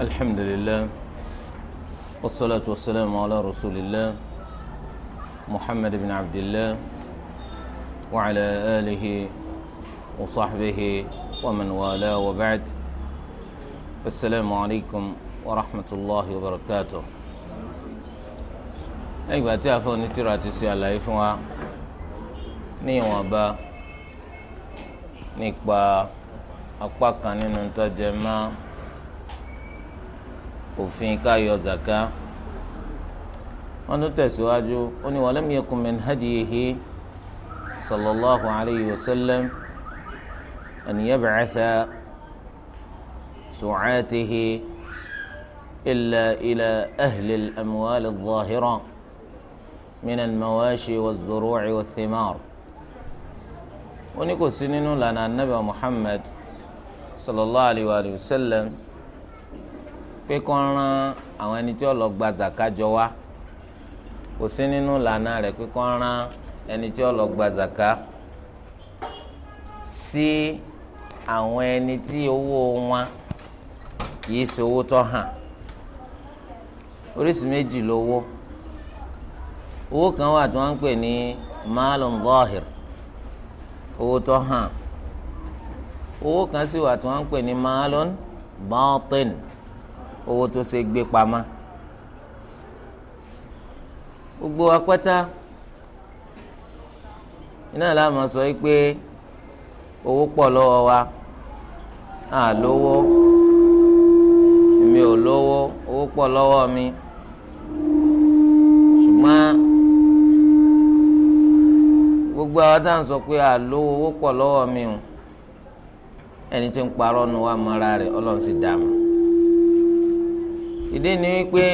الحمد لله والصلاة والسلام على رسول الله محمد بن عبد الله وعلى آله وصحبه ومن والاه وبعد السلام عليكم ورحمة الله وبركاته أيوة تعرفوا نتيرة تسيالة يفوا نيوا با nípa apá kan nínú tó jẹ mọ́ òfin ká yọ zaka wọn tún tẹ̀síwájú ó ní walam yakun min hadiyihi sallallahu alayhi wa sallam an yab'atha su'atihi illa ila ahli al-amwal al-zahira min al-mawashi wal-zuru'i wa ó wọn kò sí nínú lànà anabi muhammad sallallahu alayhi wa sallam. pé kó rán àwọn ẹni tí ó lọ gba zaka jọ wá kò sí nínú ìlànà rẹ̀ pé kó rán ẹni tí ó lọ gba zaka sí àwọn ẹni tí owó wọn kìí ṣe owó tó hàn oríṣìí méjì lówó owó kan wà tí wọ́n ń pè ní maalun zahir owó tó hàn owó kan sì wà tí wọ́n ń pè ní maalun batin. owó tó ṣe gbé pamọ́ gbogbo apẹ́tá iná láàmú sọ pé owó pọ̀ lọ́wọ́ wa à lówó èmi ò lówó owó pọ̀ lọ́wọ́ mi ṣùgbọ́n gbogbo àwọn tá à ń sọ pé à lówó owó pọ̀ lọ́wọ́ mi o ẹni tí wa mọ́ra rẹ̀ ọlọ́run sì dá ìdí ni wípé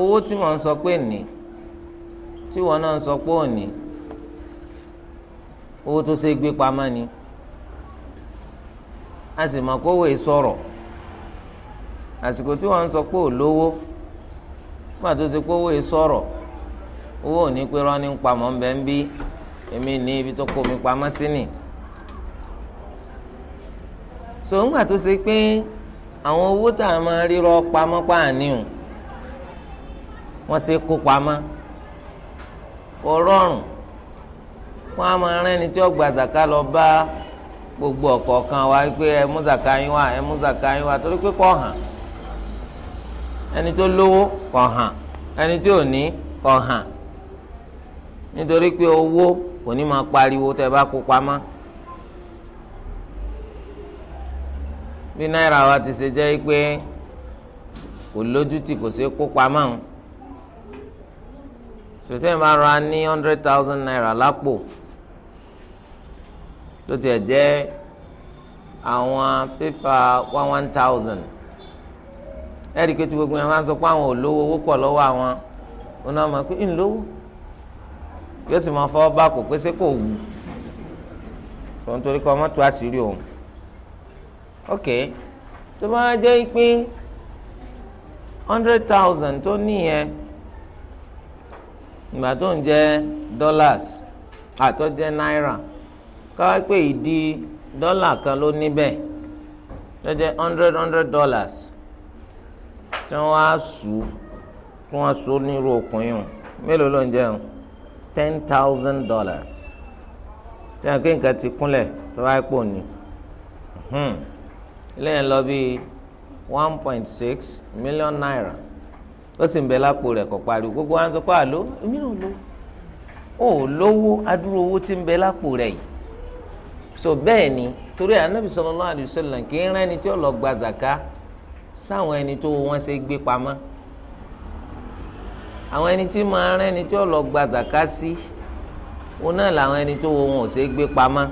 owó tí wọ́n ń sọ pé ní tí wọ́n náà ń sọ pé òní owó tó ṣe gbé pamọ́ ni a sì mọ̀ kówó ìsọ̀rọ̀ àsìkò tí wọ́n ń sọ pé òlówó nígbà tó ṣe kówó ìsọ̀rọ̀ owó òní pé rán ní pamọ́ ń bẹ́ ń bí èmi ní ibi tó kó mi pamọ́ sí nì. sòǹgbà tó ṣe pé. So, àwọn owó tá a máa rírọ pamọ́ pàníhùn wọ́n ṣe kó pamọ́ kò rọrùn wọ́n á máa rẹ́ni tí ó zaka lọ bá gbogbo ọ̀kọ̀ọ̀kan wa pé ẹ mú zaka yín wá ẹ mú zaka yín wá torí pé kò hàn ẹni tó lówó kò hàn ẹni tí ò ní kò hàn nítorí pé owó kò ní máa pariwo tẹ́ bá kó pamọ́ bí náírà wa ti ṣe jẹ́ pé kò lójútì kò ṣeé kó pamọ́ ń sòtẹ́ máa ra ní hundred thousand naira lápò tó tiẹ̀ jẹ́ àwọn pépà one one thousand ẹ̀rí pé tí gbogbo yẹn máa ń sọ pé àwọn olówó owó pọ̀ lọ́wọ́ àwọn òun náà máa pé ń lówó yóò sì máa fọwọ́ bá kò pé kò wù sọ nítorí kọ́ mọ́tò àṣírí òun ok tó bá jẹ́ pé hundred thousand tó níyẹn ìgbà tó ń jẹ́ dollars àtọ́ jẹ́ náírà káwá pé ìdí dọ́là kan ló níbẹ̀ tó jẹ́ hundred hundred dollars tí wọ́n á sù tí wọ́n so nírú okùn yìí mélòó ló ń jẹun ten thousand dollars tí wọ́n á pé nǹkan ti kúnlẹ̀ tó bá pò ní. Hmm lẹ́yìn lọ bíi one point six million naira ó sì ń bẹ lápò rẹ̀ kó pariwo gbogbo wa ń sọ pé àló èmi náà lò ó lówó adúrò owó tí ń bẹ lápò rẹ̀ yìí so bẹ́ẹ̀ ni torí anabi sallallahu alaihi wasallam kì í rán ẹni tí ó lọ gba zaka sáwọn ẹni tó wọ́n ṣe gbé pamọ́ àwọn ẹni tí máa rán ẹni tí ó lọ gba zaka sí òun náà làwọn ẹni tó wọ́n ṣe gbé pamọ́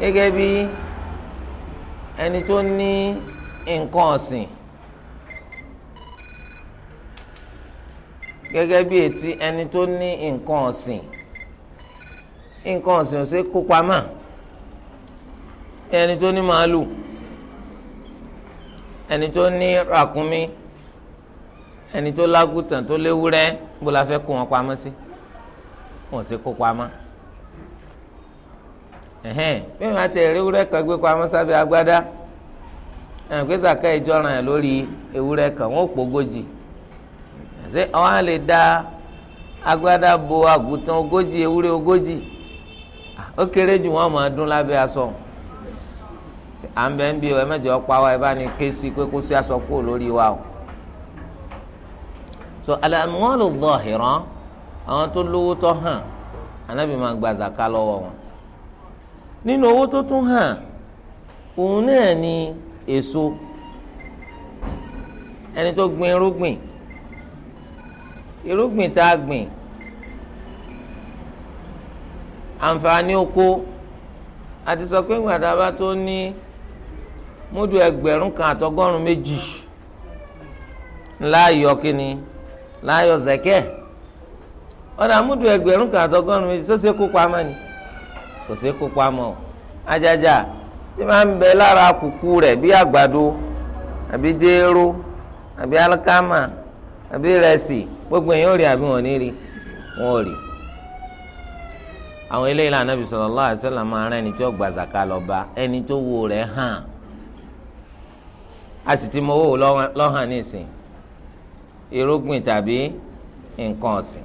gẹ́gẹ́ bíi ẹni tó ní nǹkan ọ̀sìn gẹ́gẹ́ bí etí ẹni tó ní nǹkan ọ̀sìn nǹkan ọ̀sìn ò ṣe kó pamọ́ ẹni tó ní màálù ẹni tó ní ràkúnmí ẹni tó lágùtàn tó léwúrẹ́ bó la fẹ́ kó wọn pamọ́ sí wọn ò ṣe kó pamọ́. bẹ́ẹ̀ máa tẹ ewúrẹ́ kan gbé pamọ́ sábẹ́ agbádá ẹ̀ǹgbẹ́sà ká ìjọra yẹn lórí kan ogójì lè da agbádá bo ogójì ewúrẹ́ ogójì ó kéré jù wọn máa dún lábẹ́ aṣọ à ń bẹ ń bí ọ ẹ pa wa ẹ bá ní o so al-amwalu zahira àwọn tó lówó tó hàn anábì máa nínú owó tó tún hàn òun náà ni èso ẹni tó gbin irúgbìn irúgbìn tá a gbìn àǹfààní oko àti sọ pé gbàdá bá tó ní múdù ẹgbẹ̀rún kan àtọgọ́rùn méjì láàyò kínní láàyò zẹ̀kẹ́ ọ̀nà múdù ẹgbẹ̀rún kan àtọgọ́rùn méjì tó ṣe kó pamọ́ ni kò sí kó pamọ́ ajaja tí máa ń bẹ lára kùkù rẹ̀ bí àgbàdo àbí jéró àbí alikama àbí rẹsì gbogbo èèyàn ò rí àbí wọn ò ní rí wọn ò rí àwọn eléyìí la Ànábì sallallahu alaihi wasallam máa rán ẹni tó gba zaka lọ bá ẹni tó wo rẹ̀ hàn a sì ti mọ owó lọ́hàn nísìn irúgbìn tàbí nǹkan ọ̀sìn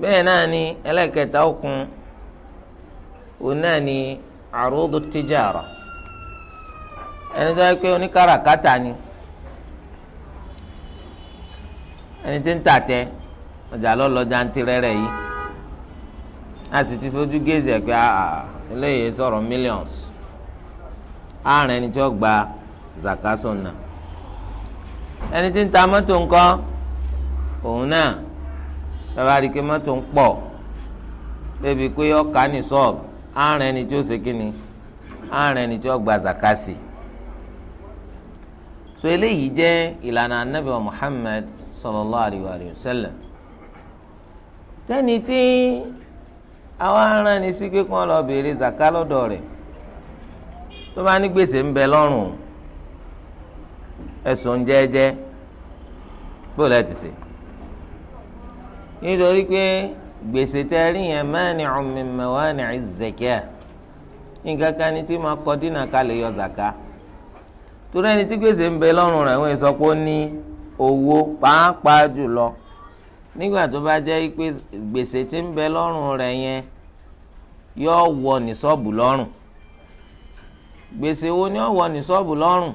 bẹ́ẹ̀ náà ni ẹlẹ́kẹta ó òun náà ni ẹni tó yẹ pé oníkàràkátà ni ẹni tí ń tàtẹ ọjà lọ́lọ́jà ń tirẹ́rẹ́ yìí a sì ti fojú géèzì ẹ̀ pé eléyìí sọ̀rọ̀ millions àárín ẹni tí ó zakasona ẹni tí ń ta mọ́tò ńkọ́ òun náà bàbá rí i pé mọ́tò ń pọ̀ àárín ẹni tí ó ṣe kíni àárín ẹni tí ó gba zakasi so eléyìí jẹ́ ìlànà anabi wa Muhammad sallallahu alayhi wa sallam tẹni tí àwọn aràn ni sí kíkún kí wọ́n lọ béèrè zaka lọ́dọ̀ rẹ̀ tó bá ní gbèsè ń bẹ lọ́rùn ẹ̀sùn jẹ́ẹ́jẹ́ bó lẹ́ẹ̀ ti ṣe nítorí pé. gbèsè tẹ rí yẹn mani'un min mawani'i zakat nǹkan kan ni tí máa kọ dínà ká lè yọ zaka torí ẹni tí gbèsè ń bẹ lọ́rùn rẹ̀ wọ́n sọ pé ó ní owó pàápàá jùlọ nígbà tó bá jẹ́ pé gbèsè tí ń bẹ lọ́rùn rẹ̀ yẹn yọ wọ ní sọ́ọ̀bù lọ́rùn gbèsè wo ni ó wọ ní sọ́ọ̀bù lọ́rùn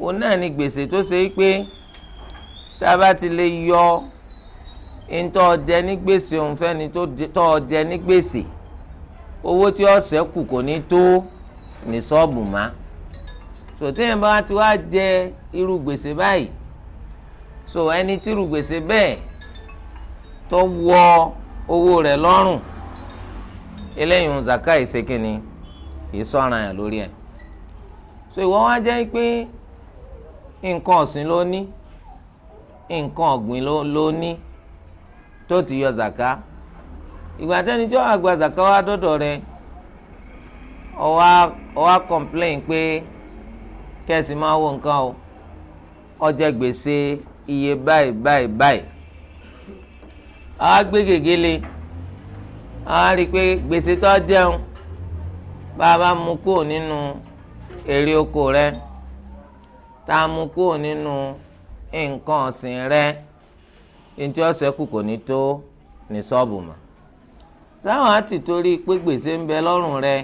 òun náà ni gbèsè tó ṣe pé tá a bá ti lè yọ ntọ́ ọjẹ́ ní gbèsè òun fẹ́ni tọ́ ọjẹ́ ní gbèsè owó tí ọ̀sẹ̀ kù kò ní tó ní sọ́ọ̀bù má sòtẹ́yìn bá ti wá jẹ irú gbèsè báyìí so ẹni tí irú gbèsè bẹ́ẹ̀ tó wọ owó rẹ̀ lọ́rùn eléyìí zaka ìsekínni kì í sọ̀ràn lórí ẹ̀ so ìwọ wá jẹ́ pé nǹkan ọ̀sìn ló ní nǹkan ọ̀gbìn ló ní tó ti yọ zaka ìgbà tẹ́ni tí wọ́n àgbà zaka wá dọ́dọ̀ rẹ̀ ọ wá complain pé kẹ́sì máa wo nǹkan o ọjẹ́ gbèsè iye báyìí báyìí báyìí a gbé gègéle a rí i pé gbèsè tó jẹun bá a bá mú kúrò nínú èrè oko rẹ tá a mú kúrò nínú nǹkan ọ̀sìn rẹ ntí ọ̀sẹ̀ kù kò ní tó ní sọ́ọ̀bù mọ́ láwọn á ti torí pé gbèsè ń bẹ lọ́rùn rẹ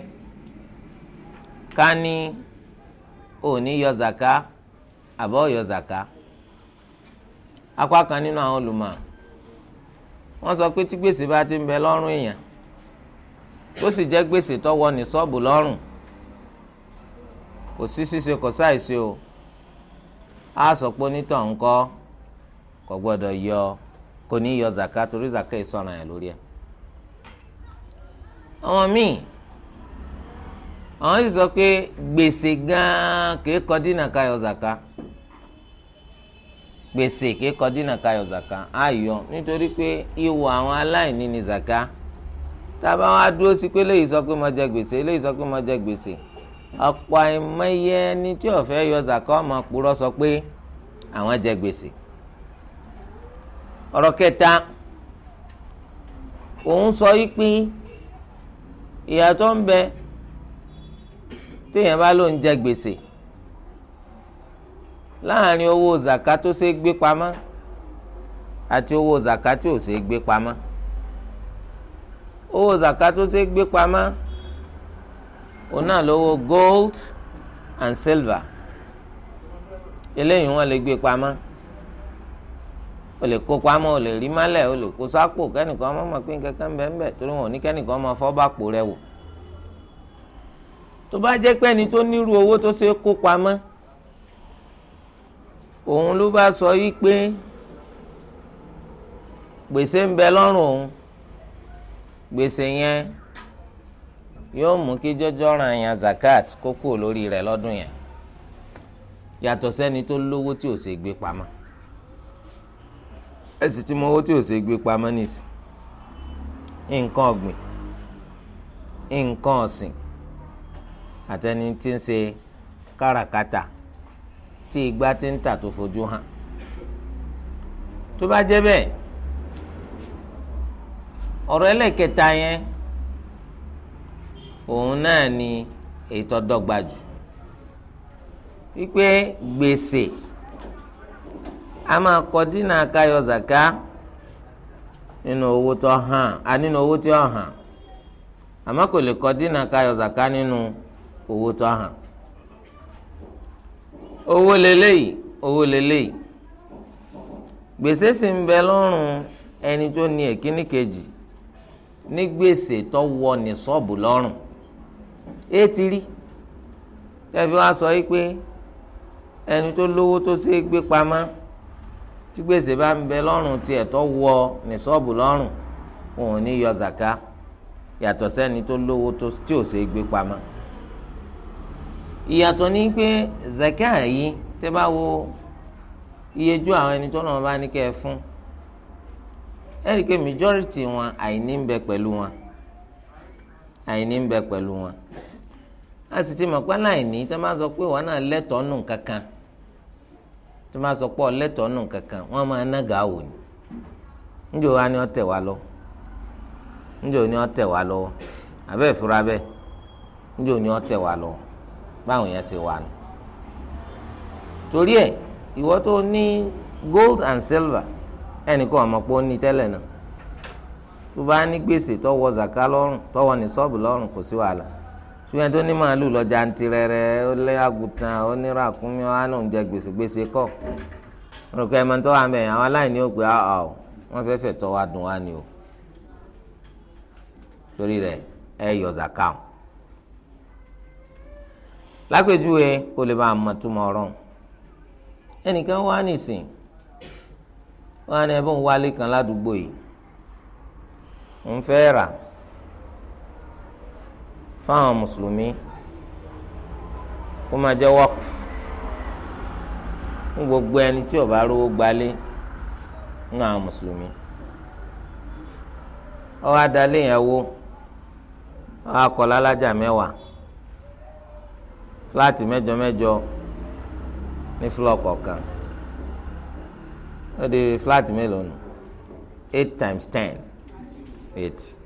ká ní òní yọ zàká àbọ̀ yọ zàká apá kan nínú àwọn olùmọ̀ wọ́n sọ pé tí gbèsè bá ti ń bẹ lọ́rùn èèyàn tó sì jẹ́ gbèsè tọ́wọ́ ní sọ́ọ̀bù lọ́rùn kò sí ṣíṣe kò sáìsí o á sọ pé onítọ̀ ń kọ́ kò gbọdọ yọ kò ní yọ zaka torí zaka yìí sọ̀ràn yẹn lórí ẹ̀. àwọn míì àwọn sì pé gbèsè gan gbèsè kọ ká yọ zaka nítorí pé ìwọ àwọn aláìní ni zaka tábà wá dúró ó fẹ́ yọ zaka ọmọ sọ pé jẹ gbèsè. ọ̀rọ̀ kẹta òun sọ yí pé ìyàtọ̀ ń bẹ téèyàn bá ló ń jẹ gbèsè láàrin owó zaka tó ṣe gbé pamọ́ àti owó zaka tí ò ṣe gbé pamọ́ owó zaka tó ṣe gbé pamọ́ òun náà lówó gold and silver eléyìí wọ́n lè gbé pamọ́. o lè kó pamọ́ o lè rí málẹ̀ o lè kó sápò kẹ́nìkan ọmọ máa pín kankan bẹ́ẹ̀ torí wọn ò ní kẹ́nìkan máa fọ́ bá pò rẹ wò. tó bá jẹ́ pé ẹni tó nírú owó tó ṣe kó pamọ́ òun ló bá sọ yí pé gbèsè ń bẹ lọ́rùn òun gbèsè yẹn yóò mú kí jọjọ ran yàn zakat kókó lórí rẹ̀ lọ́dún yẹn yàtọ̀ sẹ́ni tó lówó tí ò ṣe gbé pamọ́ ẹ sì ti mọ owó tí ò ṣe gbé pamọ́ nìsí nǹkan ọ̀gbìn nǹkan ọ̀sìn àtẹni tí ń ṣe káràkátà tí igbá ti ń tà tó fojú hàn tó bá jẹ́ bẹ́ẹ̀ ọ̀rọ̀ ẹlẹ́kẹta yẹn òun náà ni èyí dọ́gba jù wípé gbèsè. a máa kọ dínà káyọ zaka nínú owó tó hàn á nínú owó tí ó hàn kò lè kọ zaka nínú owó tó hàn owó lélẹ́yìí owó lélẹ́yìí gbèsè sì ń bẹ ẹni tó ní èkíní kejì ní gbèsè tó wọ ní sọ́ọ̀bù lọ́rùn é e ti rí tẹ́bí wá sọ ẹni tó lówó tó ṣe é gbé tí gbèsè bá ń bẹ lọ́rùn tiẹ̀ tó wọ nìṣọ́ọ̀bù lọ́rùn òun ní yọ zaka yàtọ̀ sẹ́ni tó lówó tí ò ṣeé gbé pamọ́ ìyàtọ̀ ni pé zaka yìí tẹ́ bá wo iye ju àwọn ẹni tó náà bá ní kẹ́ ẹ fún ẹ rí i pé majority wọn àìní ń bẹ pẹ̀lú wọn àìní ń bẹ pẹ̀lú wọn a sì ti mọ̀ pé láìní tẹ́ bá sọ pé wọn náà lẹ́tọ̀ọ́ nù kankan tó máa sọ pé ọlẹ́tọ̀ọ́ nù kankan wọ́n máa nága wò ní níjò wa ni ọ tẹ̀ wá lọ ni ọ tẹ̀ wá lọ abẹ́ ìfura bẹ́ẹ̀ ni ọ tẹ̀ wá lọ báwọn yẹn ṣe wà nù. torí ìwọ tó gold and silver ẹnìkan ọmọ pé ní tẹ́lẹ̀ náà zaka lọ́rùn tọwọ́ ní sọ́ọ̀bù lọ́rùn kò ṣùgbọ́n tó ní màálù lọ́jà ń tirẹ̀rẹ̀ ó lé àgùntàn ó ní ràkúnmí ó hánà ń jẹ gbèsè gbèsè kọ́ olùkọ́ ẹ̀ máa ń tọ́ wa mẹ́yìn àwọn aláìní ò pé àà ọ̀ wọ́n fẹ́ fẹ́ tọ́ wa dùn wá ni o torí rẹ̀ ẹ yọ zaka lápèjúwe kò lè bá a túmọ̀ ọ̀rọ̀ ẹnìkan wá nìsín wọn á ní ẹbí wálé kan ládùúgbò yìí òun fẹ́ rà fáwọn mùsùlùmí kó máa fún gbogbo ẹni tí ó rówó gbalé nínú àwọn mùsùlùmí ọwọ́ adalé yẹn wó ọwọ́ akọ̀lá alájà mẹ́wàá fúláàtì mẹ́jọ mẹ́jọ ní fúlọ̀ kọ̀ọ̀kan ó di fúláàtì mélòó times ten eight.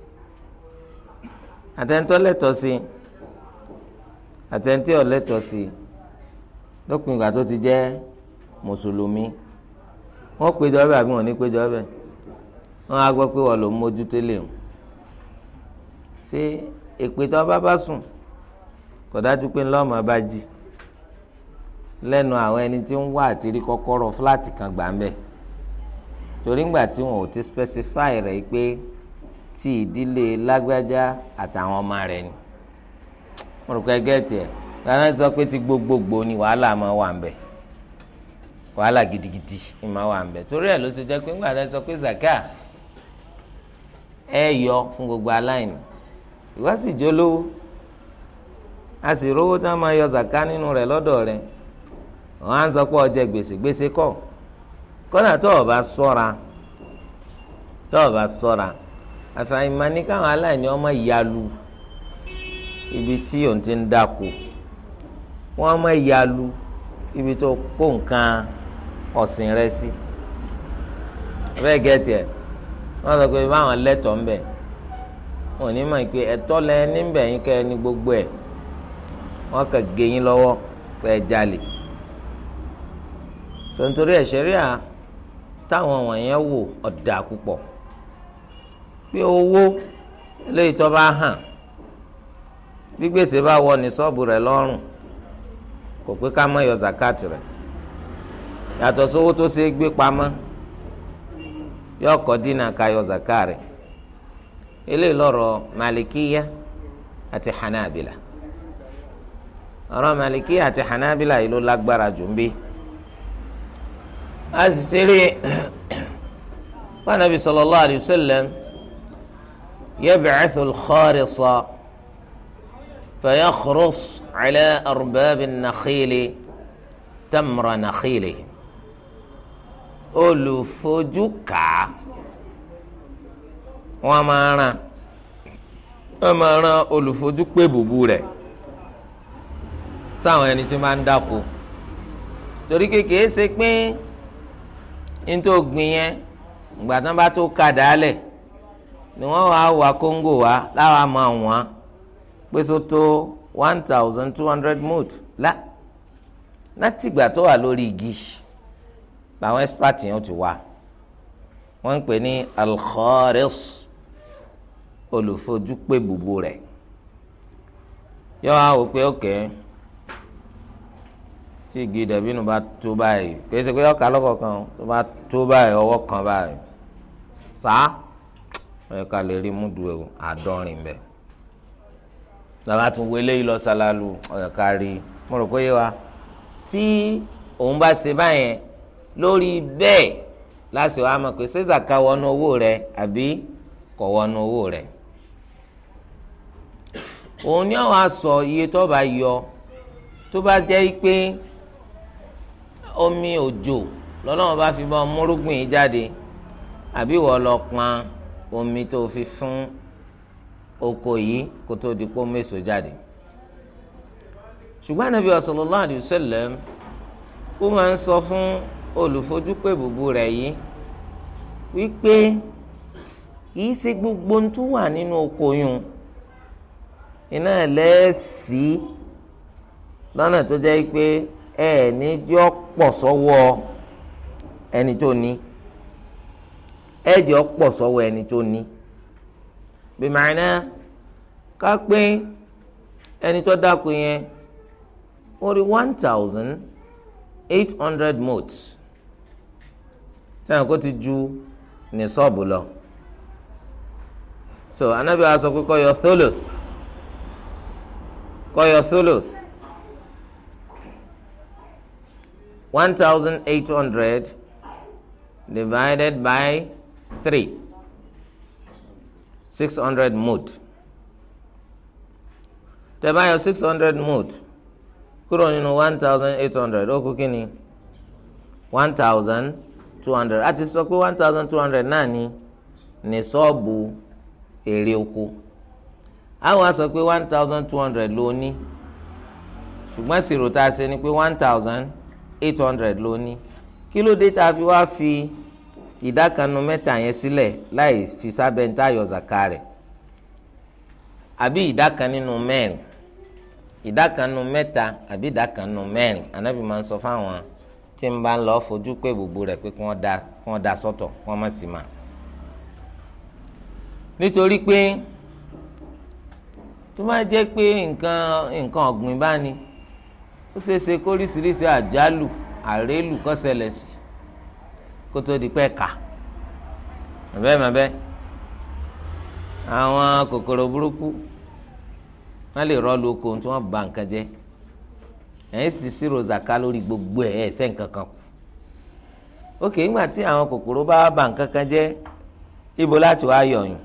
àtẹnitọ́ lẹ́tọ̀ sí àtẹnití ò lẹ́tọ̀ sí lópin ìgbà tó ti jẹ́ mùsùlùmí wọ́n péjọ ọbẹ̀ àbí wọ́n ní péjọ ọbẹ̀ wọ́n á gbọ́ pé wọ́n ló ń mójútó lè hùn ṣé èpè bá bá sùn kò dájú pé ńlọ́ọ̀mọ́ bá jí lẹ́nu àwọn ẹni tí ń wá àti kọ́kọ́rọ́ fúláàtì kan gbà ń bẹ̀ torí ńgbà tí wọn ò ti specify rẹ̀ pé ti ìdílé lágbájá àtàwọn ọmọ rẹ̀ ni mo rò pé gẹ́ẹ̀tì ẹ̀ lọ́nà sọ pé ti gbogbogbò ni wàhálà máa wà ń bẹ̀ wàhálà gidigidi ni máa wà ń bẹ̀ torí ẹ̀ ló ṣe jẹ́ pé ńgbà tó sọ pé zakia ẹ yọ fún gbogbo aláìní ìwá sì jó lówó a sì rówó tí wọ́n máa yọ zakia nínú rẹ̀ lọ́dọ̀ rẹ̀ wọ́n á sọ pé ọjẹ gbèsè gbèsè kọ̀ kọ́nà tó o bá sọ́ra tó o bá sọ́ra àfàìmọ̀ ní káwọn aláìní ọmọ yalu ibi tí òun ti ń dáko wọn ọmọ ìyalu ibi tó kó nǹkan ọ̀sìn rẹ̀ sí bẹ́ẹ̀ gẹ́tì ẹ̀ wọ́n sọ pé báwọn lẹ́tọ̀ọ́ ń bẹ̀ wọn ò ní mọ̀ pé ẹ̀tọ́ lẹ níbẹ̀ yín kẹ́ ní gbogbo ẹ̀ wọ́n kàn gé lọ́wọ́ pé jalè sọ̀ntorí ẹ̀ṣẹ̀ríà táwọn wọ̀nyẹn wò ọ̀dà púpọ̀. pé owó eléyìí tó bá hàn bí gbèsè bá wọ ní sọ́ọ̀bù rẹ̀ lọ́rùn kò pé ká má yọ zakat rẹ̀ yàtọ̀ sówó tó ṣe é gbé pamọ́ yóò kọ́ dínà ká yọ zakat eléyìí lọ́rọ̀ malikiya àti hanabila ọ̀rọ̀ malikiya àti hanabila yìí ló lágbára jù ń bí a sì ṣeré pàdánù sallallahu يبعث الخارص فيخرص على أرباب النخيل تمر نخيله olùfojúkà wọn máa ran wọn máa ran olùfojúpè bùbù rẹ sáwọn ẹni tí máa ń dáko torí kékeré ṣe pé ní tó gbìn yẹn ìgbà tán bá tó ka dálẹ̀ ni wọ́n wá wá kóńgò wá láwa máa wọ́n pé so tó one thousand two hundred mood la látìgbà tó wà lórí igi làwọn expert yẹn ti wá wọ́n ń pè ní alkhoris olùfojúpé gbogbo rẹ̀ yọ wá wò pé ókè tí igi dẹ̀bí nu bá tó báyìí kì í ṣe pé ọkà lọ́kọ̀ọ̀kan tó bá tó báyìí ọwọ́ kan báyìí sáà ẹ ká lè rí múdu àádọ́rin bẹ́ẹ̀ làwọn àtúnwò eléyìí lọ sálálù ọ̀yọ̀ ká rí mo rò pé yé wa tí òun bá ṣe báyẹn lórí bẹ́ẹ̀ láti wàá mọ̀ pé ṣéṣà ká wọnú owó rẹ àbí kọ̀ wọnú owó rẹ òun ni àwọn aṣọ iye tó bá yọ tó bá jẹ́ pé omi òjò lọ́lọ́run bá fi bọ́ múrúgbìn jáde àbí wọ́n lọ pọn omi tó fi fún oko yìí kó tó di pé ó méso jáde ṣùgbọ́n Ànábì sallallahu alaihi wasallam ó máa ń sọ fún olùfojúpè bùbù rẹ̀ yìí wípé kìí ṣe gbogbo ohun tó wà nínú oko yun iná lẹ́ẹ̀sì lọ́nà tó jẹ́ pé ẹ̀ẹ́nìjọ́ pọ̀ sọ́wọ́ ẹni tó ní ẹ̀jẹ̀ ọ̀pọ̀ sọ́wọ́ ẹni tó ní bìmọ̀ọ́nà ká pé ẹni tó dákú yẹn ó rí one thousand eight hundred mots sẹ́yìn kó ti ju ní sọ́ọ̀bù lọ so anabi wa sọ pé kó yọ tholoth kó yọ tholoth one thousand eight hundred divided by three six hundred mud tẹ̀báyọ̀ six hundred mud kúrò nínú one thousand eight hundred ó kú kí ni one thousand two hundred a ti sọ pé one thousand two hundred náà ni ní sọ́ọ̀bù èrè oko àwọn sọ pé one thousand two hundred ló ní ṣùgbọ́n ṣírò tá a ṣe ni pé one thousand eight hundred ló ní kí ló dé tá a fi wá fi ìdákanu mẹ́ta yẹn sílẹ̀ láì fi sábẹ́ níta yọ zaka rẹ̀ àbí ìdákan nínú mẹ́rin ìdákanu mẹ́ta àbí ìdákanu mẹ́rin anábì máa ń sọ fáwọn tí ń bá ń lọ fojú pé gbogbo rẹ̀ pé kí wọ́n da kí wọ́n da sọ́tọ̀ kí wọ́n má sì máa nítorí pé tó máa jẹ́ pé nǹkan nǹkan ọ̀gbìn bá ní ó ṣeé kó oríṣiríṣi àjálù àrélù kó ṣẹlẹ̀ sí kó tó di pẹ́ kà màbẹ́ màbẹ́ àwọn kòkòrò burúkú wọ́n lè rọ́ọ̀lù oko tí wọ́n bà nǹkan jẹ́ ẹ̀yìn sì ṣírò zaka lórí gbogbo ẹ̀ ẹ̀ nǹkan kan ok ìgbà tí àwọn kòkòrò bá bà nǹkan kan jẹ́ ibo láti wá yọ̀yùn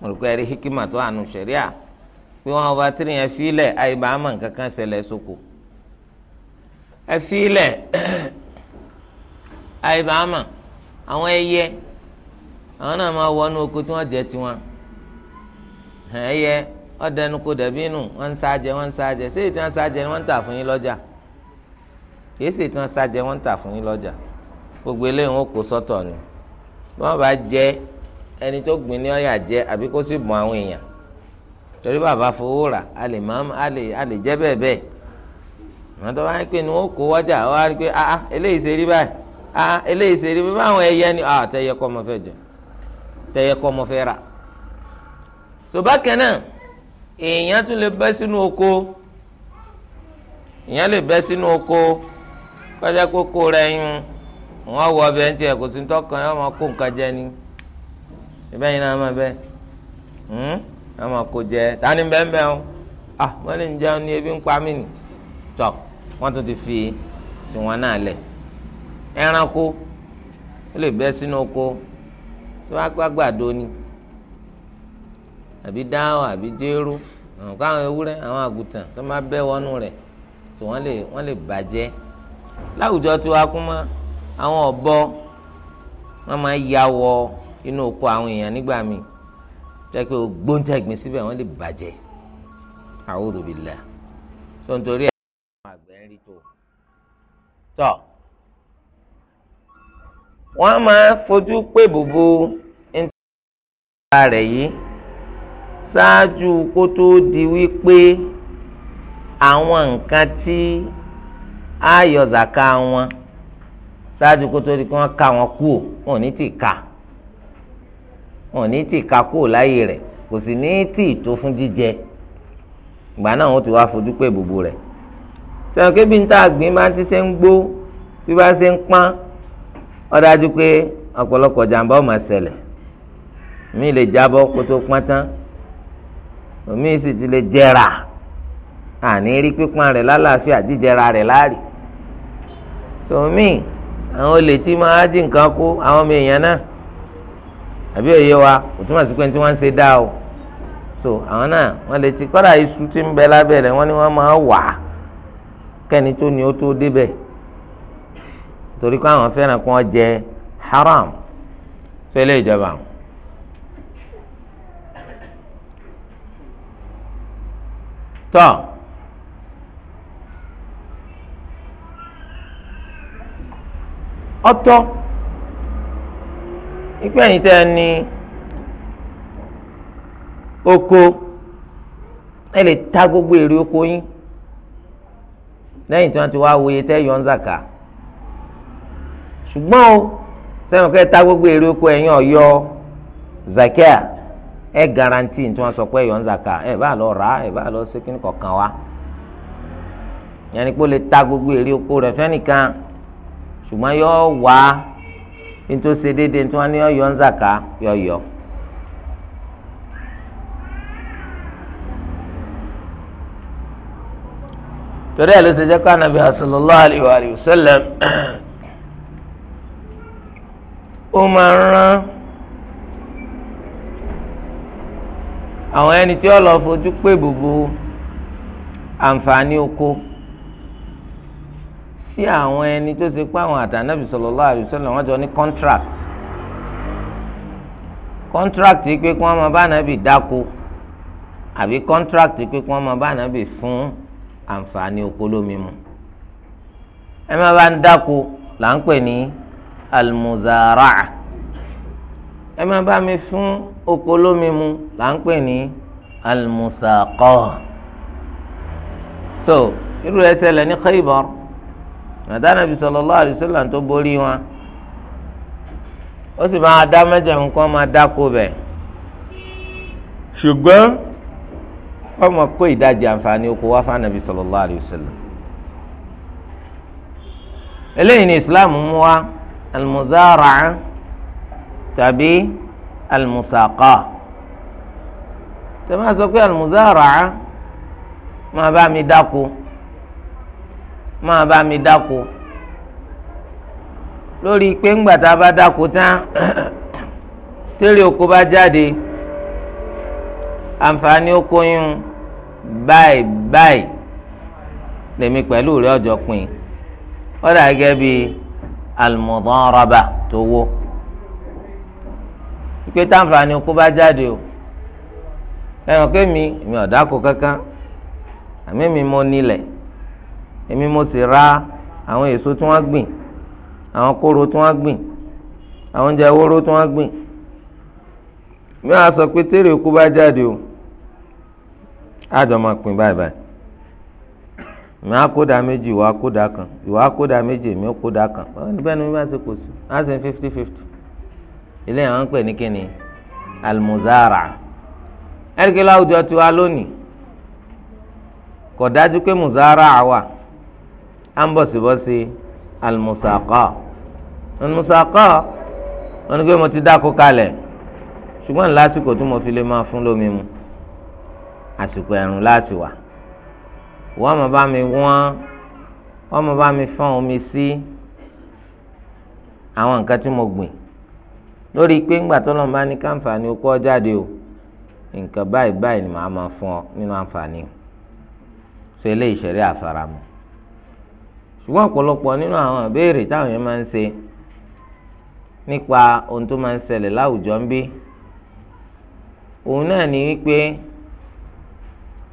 mo rò pé ẹ̀rí hikima tó àánú sẹ̀ríà pé wọn ọba tírì yẹn fílẹ̀ àyíbá àmọ̀ nǹkan kan ṣẹlẹ̀ sóko ẹ fílẹ̀ àìbámà àwọn ẹyẹ àwọn náà máa wọnú oko tí wọ́n jẹ tiwọn ẹyẹ ọdẹnu kò dẹbí nù wọ́n ń sáájẹ wọ́n ń sáájẹ ṣé ètò wọ́n sáájẹ ni ń tà fún yín lọ́jà kìí ṣe ètò wọ́n sáájẹ wọ́n ń tà fún yín gbogbo eléyìí wọ́n kó sọ́tọ̀ ni wọ́n bá jẹ ẹni tó gbìn ní ọyà jẹ àbí kó sì bùn àwọn èèyàn fowó rà a lè máa a a lè jẹ tó bá ń pè ní á Ah, ah eléyìí ṣe bí báwọn ẹyẹ ni ah tẹyẹ kọ́ ọmọ jẹ tẹyẹ ọmọ rà so èèyàn tún lè bẹ́ sínú oko èèyàn lè bẹ́ oko kọjá kókó rẹ yún wọn wọ ọbẹ̀ ntí ẹ̀ sí tọkàn ẹ̀ ọmọ kó nǹkan jẹ ni ìbẹ́ yìí náà máa bẹ́ ọmọ hmm, kó jẹ tani o ah wọ́n lè ń jẹun ní ebi ń pa mí nì tọ́ wọ́n tún ti fi tiwọn náà lẹ̀. ẹranko ó lè bẹ́ sínú oko tó wá gbàgbàdo ni àbí dáhùn àbí jéró àwọn káwọn ewúrẹ́ àwọn àgùntàn tó máa bẹ́ wọnú rẹ̀ tó wọ́n lè wọ́n lè bàjẹ́ láwùjọ tí wàá kún mọ́ àwọn ọ̀bọ wọ́n máa ya wọ inú oko àwọn èèyàn nígbà míì jẹ́ pé gbóńtẹ̀gbìn síbẹ̀ wọ́n lè bàjẹ́ a'udhu billah tó ń torí ẹ̀ àwọn àgbẹ̀ ń rí tó tọ́ wọ́n máa fojú pé bòbò nítorí rẹ̀ yìí ṣáájú kó tó di wípé àwọn nǹkan tí a yọ zàká wọn ṣáájú kó tó di kí wọ́n ká wọn kúò wọn ò ní tì ká wọn ò ní tì ká kúò láyè rẹ̀ kò sì ní tì tó fún jíjẹ ìgbà náà wọ́n ti wá fojú pé bòbò rẹ̀ sọ̀rọ̀ kébí ń máa ti ṣe ń gbó bí bá ṣe ń pọ́n ó dájú pé ọ̀pọ̀lọpọ̀ jàǹbá ọ̀mà ṣẹlẹ̀ mi lè jábọ́ kó tó pọ́n tán omi sì ti lè jẹrà àní rí pípọ́n rẹ̀ lálàáfíà jíjẹra rẹ̀ láàrì tòmí àwọn olè tí máa dín nǹkan kú àwọn ọmọ èèyàn náà àbí òye wa kò túmọ̀ sí pé tí wọ́n ń ṣe dá o so àwọn náà wọ́n lè ti kọ́dà iṣu tí ń bẹ lábẹ́ rẹ̀ wọ́n ní wọ́n máa wà á kẹ́ni tó ní ó tó débẹ̀ torí pé àwọn fẹ́ràn kí wọ́n jẹ haram fẹ́lẹ́ ìjọba. tọ́ ọtọ́ ikú ẹ̀yìn tẹ́ ẹ ní oko ẹ lè ta gbogbo èrè oko yín lẹ́yìn tí wọ́n ti wá wòye tẹ́ yọ ń zàkà. ṣùgbọ́n o sẹ́wọ̀n kẹ́ ta gbogbo èrè oko ẹ̀yìn ọ̀yọ́ zakia ẹ garanti tí wọ́n sọ pé ẹ̀yọ́ ń zaka ẹ̀ bá lọ rà ẹ̀ bá lọ ṣe kíni kọ̀ọ̀kan wa yẹn ni pé o lè ta gbogbo èrè oko rẹ̀ fẹ́nìkan ṣùgbọ́n yọ wá ṣe tí wọ́n ó máa ń rán àwọn ẹni tí ó lọ fojú pé gbogbo àǹfààní oko sí àwọn ẹni tó ti pé àwọn sọlọ sallallahu alaihi wasallam wọ́n jọ ní contract contract pé kí wọ́n máa bá ànábì dáko àbí contract pé kí wọ́n máa bá ànábì fún àǹfààní oko lómi mu ẹ máa bá ń dáko là ń pè ní. almuzara'a ẹ máa bá mi fún oko mu là ń pè ní almusaqa so irú ẹ ṣẹlẹ̀ ní Khaybar nàdánà bí sallallahu alaihi wasallam tó borí wọn ó sì máa dá mẹjọ nǹkan máa dáko bẹ ṣùgbọ́n wọ́n máa kó ìdajì àǹfààní oko wá fún ànàbì sallallahu alaihi wasallam eléyìí ni Islam mú wa almuzaraca tàbí almusaqa tẹ̀má sọ pé almuzaraca máa bá mi dáko máa bá mi dáko lórí pé ńgbà tá a bá dáko tán tẹ́lẹ̀ oko bá jáde àǹfààní oko yún báyìí báyìí lèmi pẹ̀lú rẹ̀ ọ̀jọ̀ pin ọ̀dà gẹ́gẹ́ bíi almudaraba tó wó ìpè táǹfààní okó bá jáde o ẹ̀wọ̀n kémi mi ò dáko kankan àmì mi mo nílẹ̀ èmi mo sì ra àwọn èso tí wọ́n gbìn àwọn kóró tí wọ́n gbìn àwọn oúnjẹ wóró tí wọ́n gbìn mi á sọ pé tèrè okó bá jáde o àjọ máa pín báyìí báyìí mi akóda méjì ìwà akóda kan ìwà akóda méjì èmi akóda kan bẹ́ẹ̀ ni mi máa ṣe kò sí á ṣe fifty fifty ilé yẹn wọ́n ń pè ní kíni almuzara ẹ̀ríkẹ́ láwùjọ tí wàá lónìí kò dájú pé muzara wà á ń bọ̀sibọ́sí almusaqa almusaqa wọ́n ní pé mo ti dáko kalẹ̀ ṣùgbọ́n lásìkò tí mo fi lè máa fún lómi mu àsìkò ẹ̀rùn láti wà wọ́n máa bá mi wọ́n wọ́n máa bá mi fọ́n omi sí àwọn nǹkan tí mo gbìn lórí pé ńgbà tó lọ́n bá ní káǹfààní okó jáde o nǹkan báyìí báyìí ni màá máa fún ọ nínú àǹfààní o ṣe eléyìí ṣẹlẹ̀ àfaramọ́ ṣùgbọ́n ọ̀pọ̀lọpọ̀ nínú àwọn ìbéèrè táwọn yẹn máa ń ṣe nípa ohun tó máa ń ṣẹlẹ̀ láwùjọ ń bí òun náà ní wípé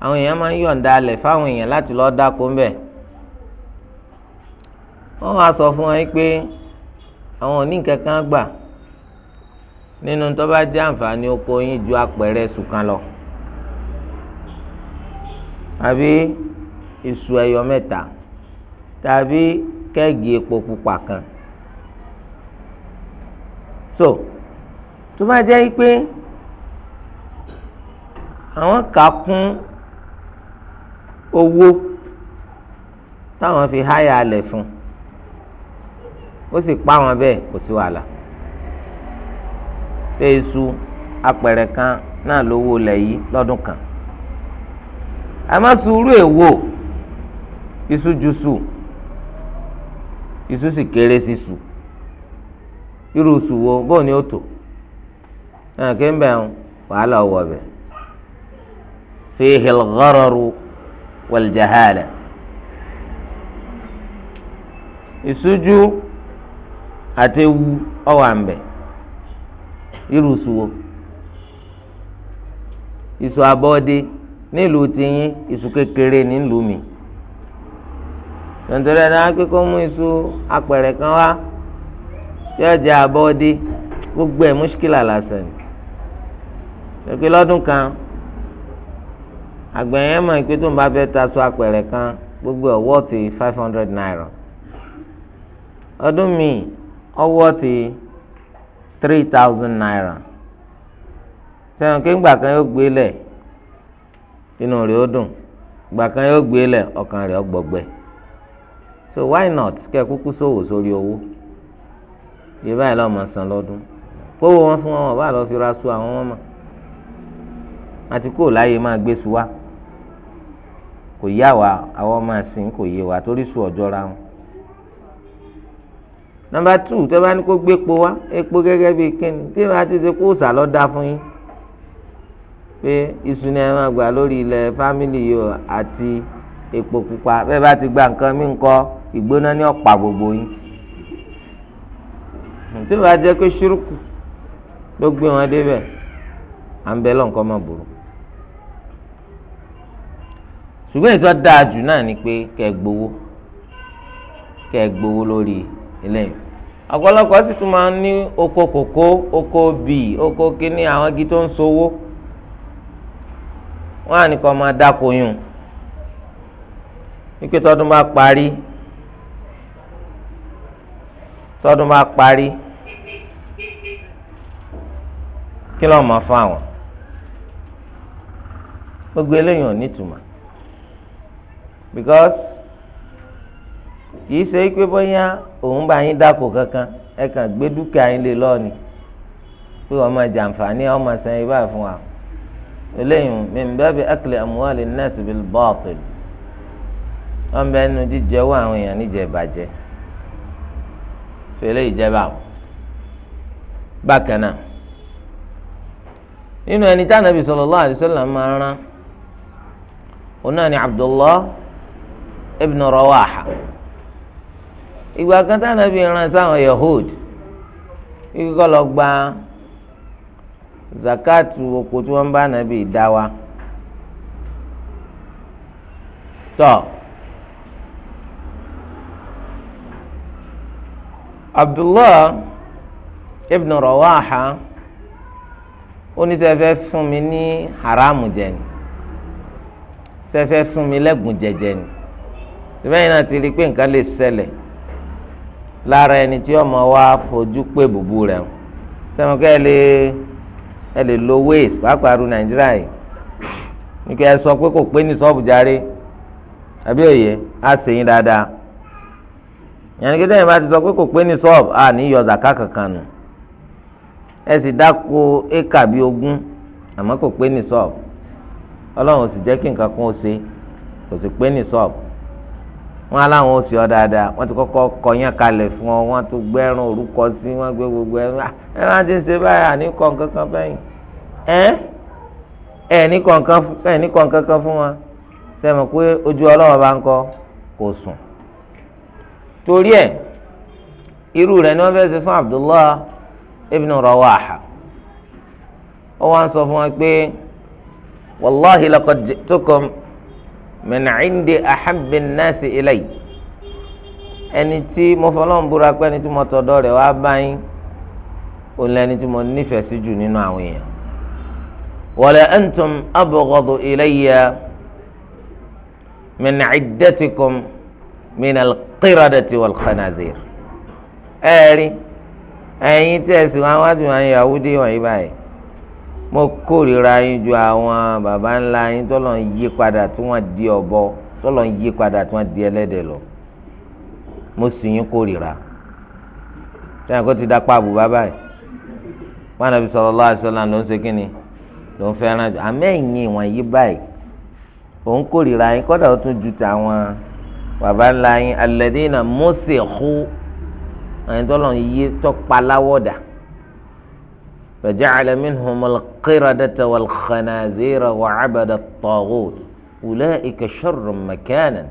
àwọn èèyàn máa ń yọ̀ǹda alẹ̀ fáwọn èèyàn láti lọ́ọ́ dáko ńbẹ̀ wọ́n wá sọ fún wọn pé àwọn ò ní nǹkan kan gbà nínú tó bá jẹ́ àǹfààní oko yín ju apẹ̀rẹ̀ sùn kan lọ àbí iṣu ẹyọ mẹ́ta tàbí kẹ́ẹ̀gì epo pupa kan so tó bá jẹ́ pé àwọn kà kún owó táwọn fi háyà alẹ̀ fún ó sì pa wọn bẹ́ẹ̀ kò sí wàhálà fẹ́ẹ́sù apẹ̀rẹ̀ kan náà lówó lẹ̀ yìí lọ́dún kan àmọ́ sùúrù èwo iṣu ju sù iṣu sì kéré sí sù irú sù wo bóun ni ó tò ẹ̀ kí wàhálà ọwọ́ bẹ̀ fi hìlgọ́rọ̀rù wàlìjàhálà ìṣújú àti ewu ọwọ àmbẹ irú suwo ìṣù abọ́dé nílùú tiyín ìṣù kékeré nílùú mi tòǹtòrẹ́ náà kíkọ́ mú ìṣù apẹ̀rẹ̀ kan wá tí ó gbogbo ẹ̀ múṣkìlà lásán ní. lọ́dún kan àgbẹ̀ yẹn mọ̀ pé tó ń bá fẹ́ ta sọ apẹ̀rẹ̀ kan gbogbo ọ̀wọ́ ti five hundred naira ọdún míì ọwọ́ ti three thousand naira sẹ́wọ̀n kéńgbà kan yóò gbé lẹ̀ inú rẹ̀ ó dùn gbà kan yóò gbé lẹ̀ ọkàn rẹ̀ ó so why not kẹ́ kúkú sòwò sórí owó yìí báyìí lọ́ọ́ máa san lọ́dún kówó wọn fún wọn wọn bá lọ́ọ́ fi ra sùn àwọn ọmọ àti kó láàyè máa gbé sùn wá kò yá wa àwọn ọmọ àsìn kò yé wa torí sùn ọjọ́ ra wọn. nọ́mbà tù tó bá ní kó gbé epo wá epo gẹ́gẹ́ bíi kíni tí wọ́n á ti ṣe kó sà lọ́ da fún yín pé iṣu ni ẹ máa gbà lórí ilẹ̀ fámìlì yìí àti epo pupa bẹ́ẹ̀ bá ti gba nǹkan mí ńkọ́ ìgbóná ní ọ̀pá gbogbo yín tí wọ́n á jẹ́ pé ṣírùkù ló gbé wọn débẹ̀ à ń bẹ lọ́nkọ́ mọ̀ bòrò. ṣùgbọ́n ètò dáa jù náà ni pé kẹ́ ẹ gbowó kẹ́ ẹ ọ̀pọ̀lọpọ̀ sì tún máa ń ní oko kòkó oko bì oko kíní àwọn igi tó ń sowó wọn à ní máa dáko yùn wípé tọdún bá parí tọdún bá parí kí ló gbogbo eléyìí ò ní ma. because kìí ṣe pé bóyá òun bá yín dáko kankan ẹ kàn gbé dúkìá yín lé lọ́ọ̀ni pé wọ́n máa jàǹfààní àwọn máa san ibà fún wa eléyìí min babi akli amwali nnas bil batil wọn bẹ nu jíjẹwọ àwọn èèyàn níjẹ bàjẹ́ fèlè ìjẹba bákan náà nínú ẹni tí Ànábì sallallahu alaihi wasallam máa rán òun náà ni Abdullah ibn rawaha ìgbà kan táwọn ẹbí ran sáwọn yahood ikú kọ́ lọ gba zakatu oko tí wọ́n bá nàbí dá wa tọ́ abdullah ibn rawaha onítẹ̀fẹ́ fún mi ní haramu jẹ ni fún mi lẹ́gùn jẹjẹ sìbẹ́yìn náà ti rí i pé nǹkan lè ṣẹlẹ̀ lára ẹni tí ọmọ wa fojú pé bùbù rẹ̀ ń sẹ́wọ̀n kẹ́ lo ways pàápàá ru nàìjíríà yìí ní kí ẹ sọ pé kò pé ní sọ́ọ̀bù járe àbí òye á ṣe yín dáadáa yàrá kí bá ti sọ pé kò pé ní sọ́ọ̀bù ní éka bíi ogún àmọ́ kò pé ní sọ́ọ̀bù ọlọ́run ò sì jẹ́ kí nǹkan ó wọn aláwọn ó ọ dáadáa wọn ti kọkọ kọyán kalẹ fún ọ wọn tó gbẹrun orúkọ sí wọn gbé gbogbo ẹrù ẹ ah, máa ti ń ṣe kan bẹyìn ẹ ẹ níkọ fún wọn sẹmọ pé ojú ọlọ́wọ́ bá ń kọ kò sùn torí ẹ irú rẹ ni wọn fẹẹ min indi ahabbi nnasi ilay ẹni tí mo fọlọ́n búra pé ẹni tí mo tọ̀dọ̀ rẹ̀ wá báyìí ó lẹ́ni tí mo nífẹ̀ẹ́ sí jù nínú àwọn èèyàn wala antum abghadu ilayya min iddatikum min alqiradati wal khanazir ẹ̀rí ẹ̀yin tẹ̀sí wọn wá sí wọn Yahudi wọ̀nyí báyìí mo kórìíra yín ju àwọn baba ńlá yín tọ́lọ̀ ń yí padà tí wọ́n di ọ̀bọ tọ́lọ̀ ń yí padà tí wọ́n di ẹlẹ́dẹ̀ lọ mo sì yín kórìíra sẹ́yìn kó ti da pa àbùbá báyìí wọn àbí sallallahu alaihi wasallam ló ń ṣe kínni ló ń fẹ́ràn jù àmẹ́yìn ìwọ̀n yí báyìí òun kórìíra yín kọ́dà ó tún ju tàwọn baba ńlá yín alladina musikhu ẹ̀yìn tọ́lọ̀ ń yí tọ́pa láwọ̀dà. فجعل منهم القردة والخنازير وعبد الطاغوت أولئك شر مكانا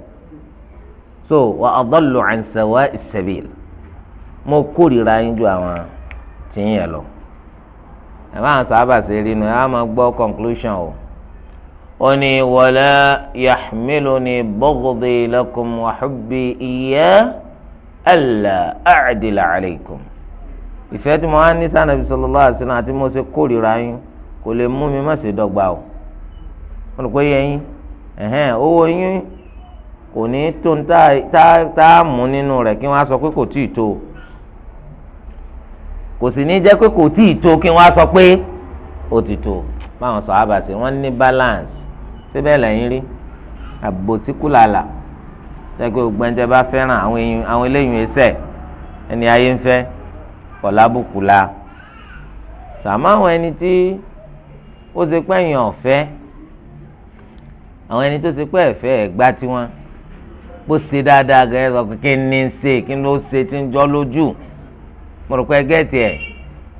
سو وأضل عن سواء السبيل مو كوري لا ينجو أما تنيلو أما صعبا سيرينو أما بو كونكلوشن أني ولا يحملني بغضي لكم وحبي إياه ألا أعدل عليكم ìfẹ́ tí mo wá ní sànàbí sallallahu alaihi wasallam àti mo ṣe kórìíra yín kò lè mú mi má ṣe dọ́gba o mo rò pé yẹn yín ẹ̀hẹ́n owó yín kò ní tó ń tá a mú nínú rẹ̀ kí wọ́n á sọ pé kò tíì tó kò sì ní jẹ́ pé kò tíì tó kí wọ́n á sọ pé ó ti tó báwọn sọ àbàṣe wọ́n ní balance síbẹ̀ lẹ́yìn rí àbòtí kúlàlà ṣẹ́gbẹ́ ògbẹ́ńtẹ́ bá fẹ́ràn àwọn eléyìí ẹsẹ̀ ẹni ayé ń fẹ́ kọlábùkù la sàmáwọn ẹni tí ó ṣe pé èèyàn ọ̀fẹ́ àwọn ẹni tó ṣe pé ẹ̀fẹ́ ẹ̀gbá tiwọn kó ṣe dáadáa gẹ́gẹ́ sọ pé kí ni ń ṣe kí ló ṣe tí ń jọ́ lójú mo rò pé gẹ́ẹ̀tì ẹ̀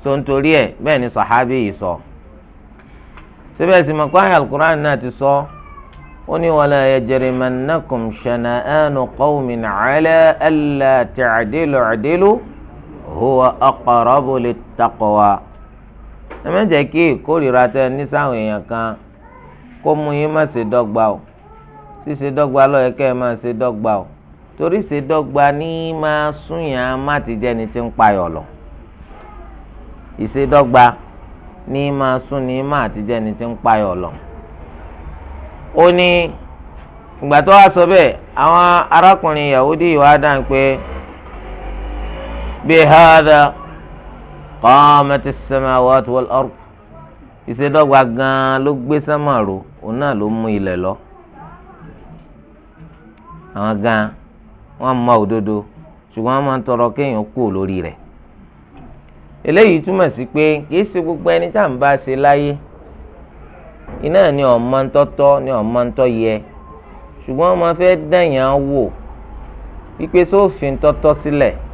tó ń torí ẹ̀ bẹ́ẹ̀ ni sàhábì yìí sọ síbẹ̀ sì mọ̀ pé alukur'an náà ti sọ ó ní wala yajrimannakum shana'anu qawmin ala alla ta'dilu i'dilu huwa aqrabu littaqwa ẹ má jẹ́ kí ìkórìíra tẹ ní sáwọn èèyàn kan kó mú yín má ṣe dọ́gba o ṣíṣe dọ́gba ló yẹ kẹ́ ẹ máa ṣe dọ́gba o torí ṣe dọ́gba ní máa súnyàn má ti jẹ́ni tí ń payọ̀ lọ ìṣedọ́gba ní máa sún ní máa ti jẹ́ni tí ń payọ̀ lọ ó ní ìgbà tó wá sọ bẹ́ẹ̀ àwọn arákùnrin Yahudi wá dáhùn pé. بهذا قامت السماوات والأرض ìṣèdọ́gba gan-an ló gbé sámàrò òun náà ló mú شو lọ àwọn gan-an wọ́n mọ òdodo ṣùgbọ́n wọ́n máa ń tọrọ kéèyàn kú lórí rẹ̀ eléyìí túmọ̀ sí pé kìí ṣe gbogbo ẹni tá à ń bá ṣe láyé iná ni ọ̀mọ ń tọ́tọ́ ni ọ̀mọ ń tọ́ yẹ ṣùgbọ́n wọ́n fẹ́ dẹ̀yàn wò wípé sófin tọ́tọ́ sílẹ̀ si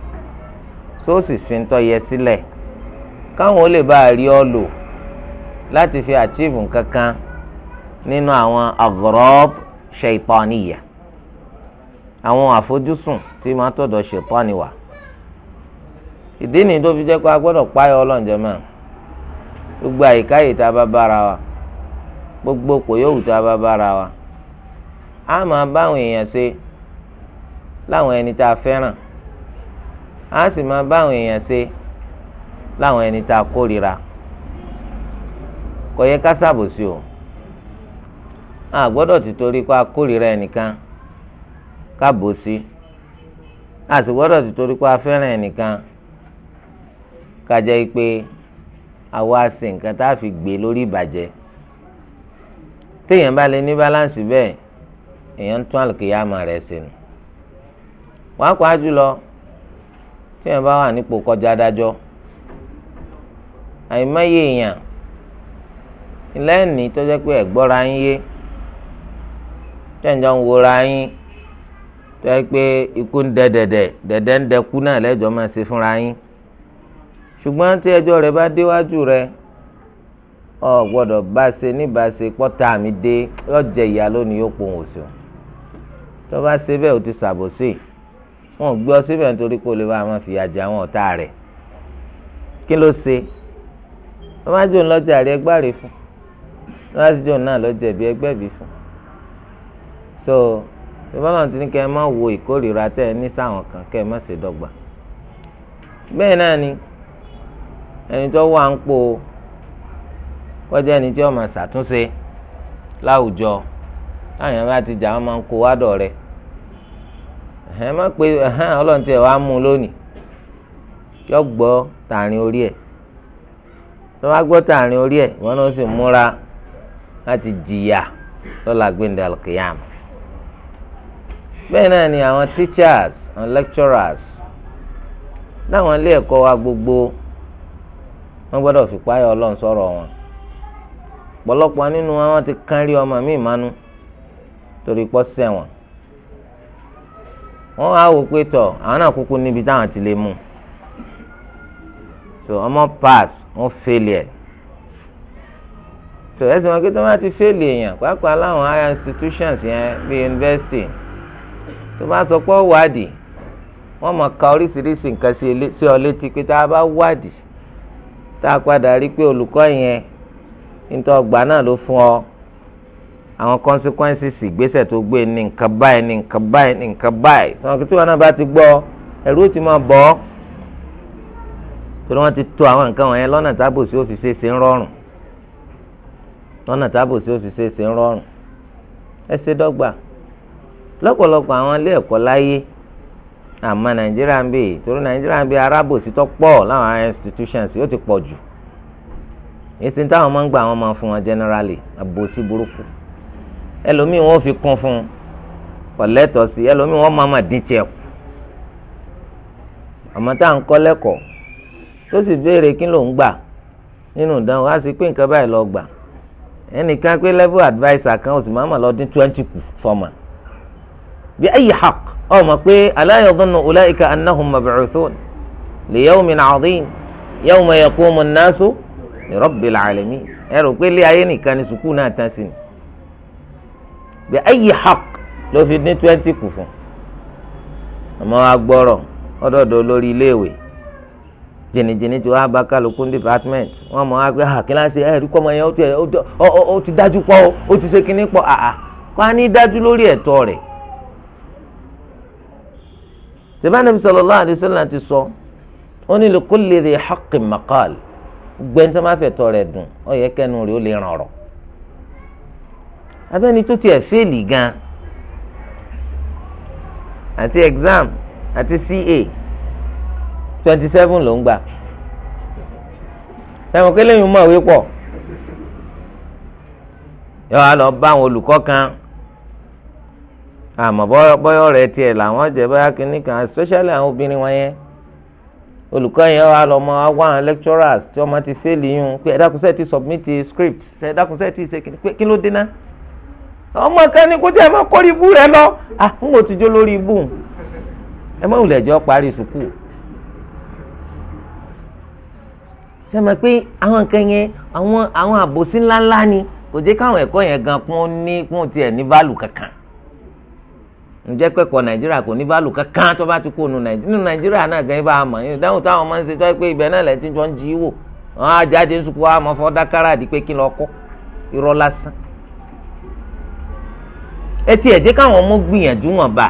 tó sì fi ń tọ́ yẹ sílẹ̀ káwọn ó lè bá a rí ọ lò láti fi àchíìfù kankan nínú àwọn aghrab ṣaitaniya àwọn àfojúsùn tí máa tọ̀dọ̀ ṣaitani wá ìdí nìyí tó fi jẹ́ pé a gbọ́dọ̀ páyọ̀ ọlọ́njẹ́ mọ́ gbogbo àyíká yìí tá a bá bára wa gbogbo kò yóò tá a bá bára wa a máa báwọn èèyàn ṣe láwọn ẹni tá a fẹ́ràn a sì máa bá àwọn èèyàn ṣe láwọn ẹni tá a kórìíra kò yẹ ká ṣàbòsí o a gbọ́dọ̀ ti torí kó a kórìíra ẹnìkan ká bòsí a sì gbọ́dọ̀ ti torí kó a fẹ́ràn ẹnìkan ká jẹ́ pé àwa ṣe nǹkan tá a fi gbé lórí ìbàjẹ́ téèyàn bá lè ní báláǹsì bẹ́ẹ̀ èèyàn ń tún àlùkìyàmọ̀ rẹ̀ ṣe wọ́n á pa á jùlọ kéèyàn bá wà nípò kọjá adájọ́ àìmọye èèyàn lẹ́ẹ̀ni tó jẹ́ pé ẹ̀gbọ́ra yín yé tẹ̀jọ́ ń wora yín tó jẹ́ pé ikú ń dẹ dẹ̀dẹ̀ dẹ̀dẹ̀ ń dẹkú náà lẹ́jọ́ máa ṣe fúnra yín ṣùgbọ́n tí ẹjọ́ rẹ̀ bá déwájú rẹ̀ ọ gbọ́dọ̀ bá ṣe níbàṣe pọ́tà mi dé yọ jẹ ìyá lónìí yóò pohùn òṣù tó bá ṣe bẹ́ẹ̀ ó ti ṣàbòsí wọn ò gbé ọ síbẹ̀ nítorí kó lè bá àwọn fìyà jẹ àwọn ọ̀tá rẹ̀ kí ló ṣe wọ́n máa jò lọ́jà rí ẹgbẹ́ rẹ̀ fún wọ́n máa jò náà lọ́jà bí ẹgbẹ́ bí fún so ìbálòun ti ní kẹ́ ẹ má wo ìkórìíra tẹ́ ẹ ní sáwọn kan kẹ́ ẹ má ṣe dọ́gba bẹ́ẹ̀ náà ni ẹni tó wà ń po kọjá ẹni tí wọ́n máa ṣàtúnṣe láwùjọ láwọn yẹn bá ti jà wọ́n máa ń kó wádọ̀ rẹ̀ ẹ má pe ọlọ́run tiẹ̀ wá mú un lónìí yọ gbọ́ tààrin orí ẹ̀ tó bá gbọ́ tààrin orí ẹ̀ wọn náà sì múra láti jìyà lọ́la gbẹ̀ndẹ̀ alkiyam bẹ́ẹ̀ náà ni àwọn teachers and lecturers láwọn ilé ẹ̀kọ́ wa gbogbo wọ́n gbọ́dọ̀ fìpáyà ọlọ́run sọ̀rọ̀ wọn ọ̀pọ̀lọpọ̀ nínú wọn ti kán ọmọ mi ìmánu torí pọ́ sẹ́wọ̀n wọ́n á wò pé tọ̀ àwọn náà kúkú níbi táwọn ti lè mú so ọmọ pass wọ́n fail so ẹsẹ̀ wọn kéde ti fail èèyàn pàápàá láwọn higher institutions yẹn bíi university tó bá sọ pé wádìí wọ́n mọ̀ ka oríṣiríṣi nǹkan sí ọ létí pé tá a bá wádìí tá a padà rí pé olùkọ́ yẹn náà àwọn consequences ìgbésẹ̀ tó gbé ní nǹkan báyìí ní nǹkan báyìí ní nǹkan báyìí tí wọn kí tí wọn náà bá ti gbọ́ ẹ̀rú ti máa bọ̀ ọ́ torí wọn ti tò àwọn nǹkan wọ̀nyẹn lọ́nà tábò sí òfìsè ṣe ń rọrùn lọ́nà tábò sí òfìsè ṣe ń rọrùn ẹ ṣe dọ́gba lọ́pọ̀lọpọ̀ àwọn ilé ẹ̀kọ́ láyé àmọ́ nàìjíríà ń bè torí nàìjíríà ń bè arábòsí tó pọ̀ láwọn institutions yóò ti pọ̀ jù èsì táwọn máa ń gbà wọn máa fún wọn generally àbòsí burúkú ẹlòmíì wọn fi kún fún un pọ̀lẹ́tọ̀ sí ẹlòmíì wọn máa ma dín tiẹ̀ kù àmọ́ tá à ń kọ́ lẹ́kọ̀ọ́ tó sì béèrè kí ló ń gbà nínú ìdánwò á sì pé nǹkan báyìí lọ gbà ẹnìkan pé level adviser kan oṣù máa ma lọ dín twenty kù fọmà bí ayi haq ọmọ pé ala yadhunnu ulaika annahum mab'uthun li yawmin 'azim yawma yaqumu an-nasu li rabbil 'alamin ẹ rò pé ilé ayé nìkan ni sùkúù náà tán sí ni bẹ ayi haq ló fi ní twenty kù fún ọmọ wa gbọ́rọ̀ ọdọọdọ lórí iléèwé jìnnìjìnnì tí wàá bá kálukú department wọn mọ wá pé ha ah, kíláàsì ẹ rí kọmọ yẹn ó ti dájú pọ̀ ó ti ṣe kínní pọ̀ àà kó a ní dájú lórí ẹ̀tọ́ rẹ̀ sèbáni sallallahu alaihi wasallam ti sọ ó ní li kulli dhi haqqin maqal gbẹ́ntẹ́ máa fẹ̀tọ́ rẹ̀ dùn ó yẹ kẹ́nu rẹ̀ ó lè ràn ọ̀rọ̀ abẹ́ni tó tiẹ̀ fẹ́ẹ̀lì gan àti exam àti CA twenty seven ló ń gbà ẹ̀wọ̀n kí lẹ́yìn mọ̀ wí pọ̀ yọ wá lọ bá àwọn olùkọ́ kan àmọ́ bọ́yọ̀ rẹ̀ tiẹ̀ làwọn jẹ́ báyà kínní kan especially àwọn obìnrin wọn yẹn olùkọ́ yẹn wà lọ́mọ wá àwọn lecturers tí wọ́n ti fẹ́ẹ̀lì yún pé ẹ̀dákùnsẹ́ ti submit script ẹ̀dákùnsẹ́ ti ṣe kí ló dé náà ọmọ kan ní kó tí ẹ máa ibú rẹ lọ àwọn ò ti jó lórí ibú ẹ mọ ìwúlẹ̀ ẹjọ́ parí sùkúù ṣe mọ̀ pé àwọn nǹkan yẹn àwọn àwọn àbòsí ńláńlá ni kò jẹ́ káwọn ẹ̀kọ́ yẹn gan kún ní kún tiẹ̀ ní báàlù kankan nàìjíríà kò ní báàlù kankan tó bá ti nàìjíríà nàìjíríà náà gan ibà yìí dáhùn táwọn máa ń ṣe pé jọ ń jí wò á jáde ń sùkúù àmọ́ fọ́ dákàrà àdìpé kí lọ kọ́ irọ́ lásán ẹ ti ẹ̀ jẹ́ káwọn ọmọ gbìyànjú wọn bá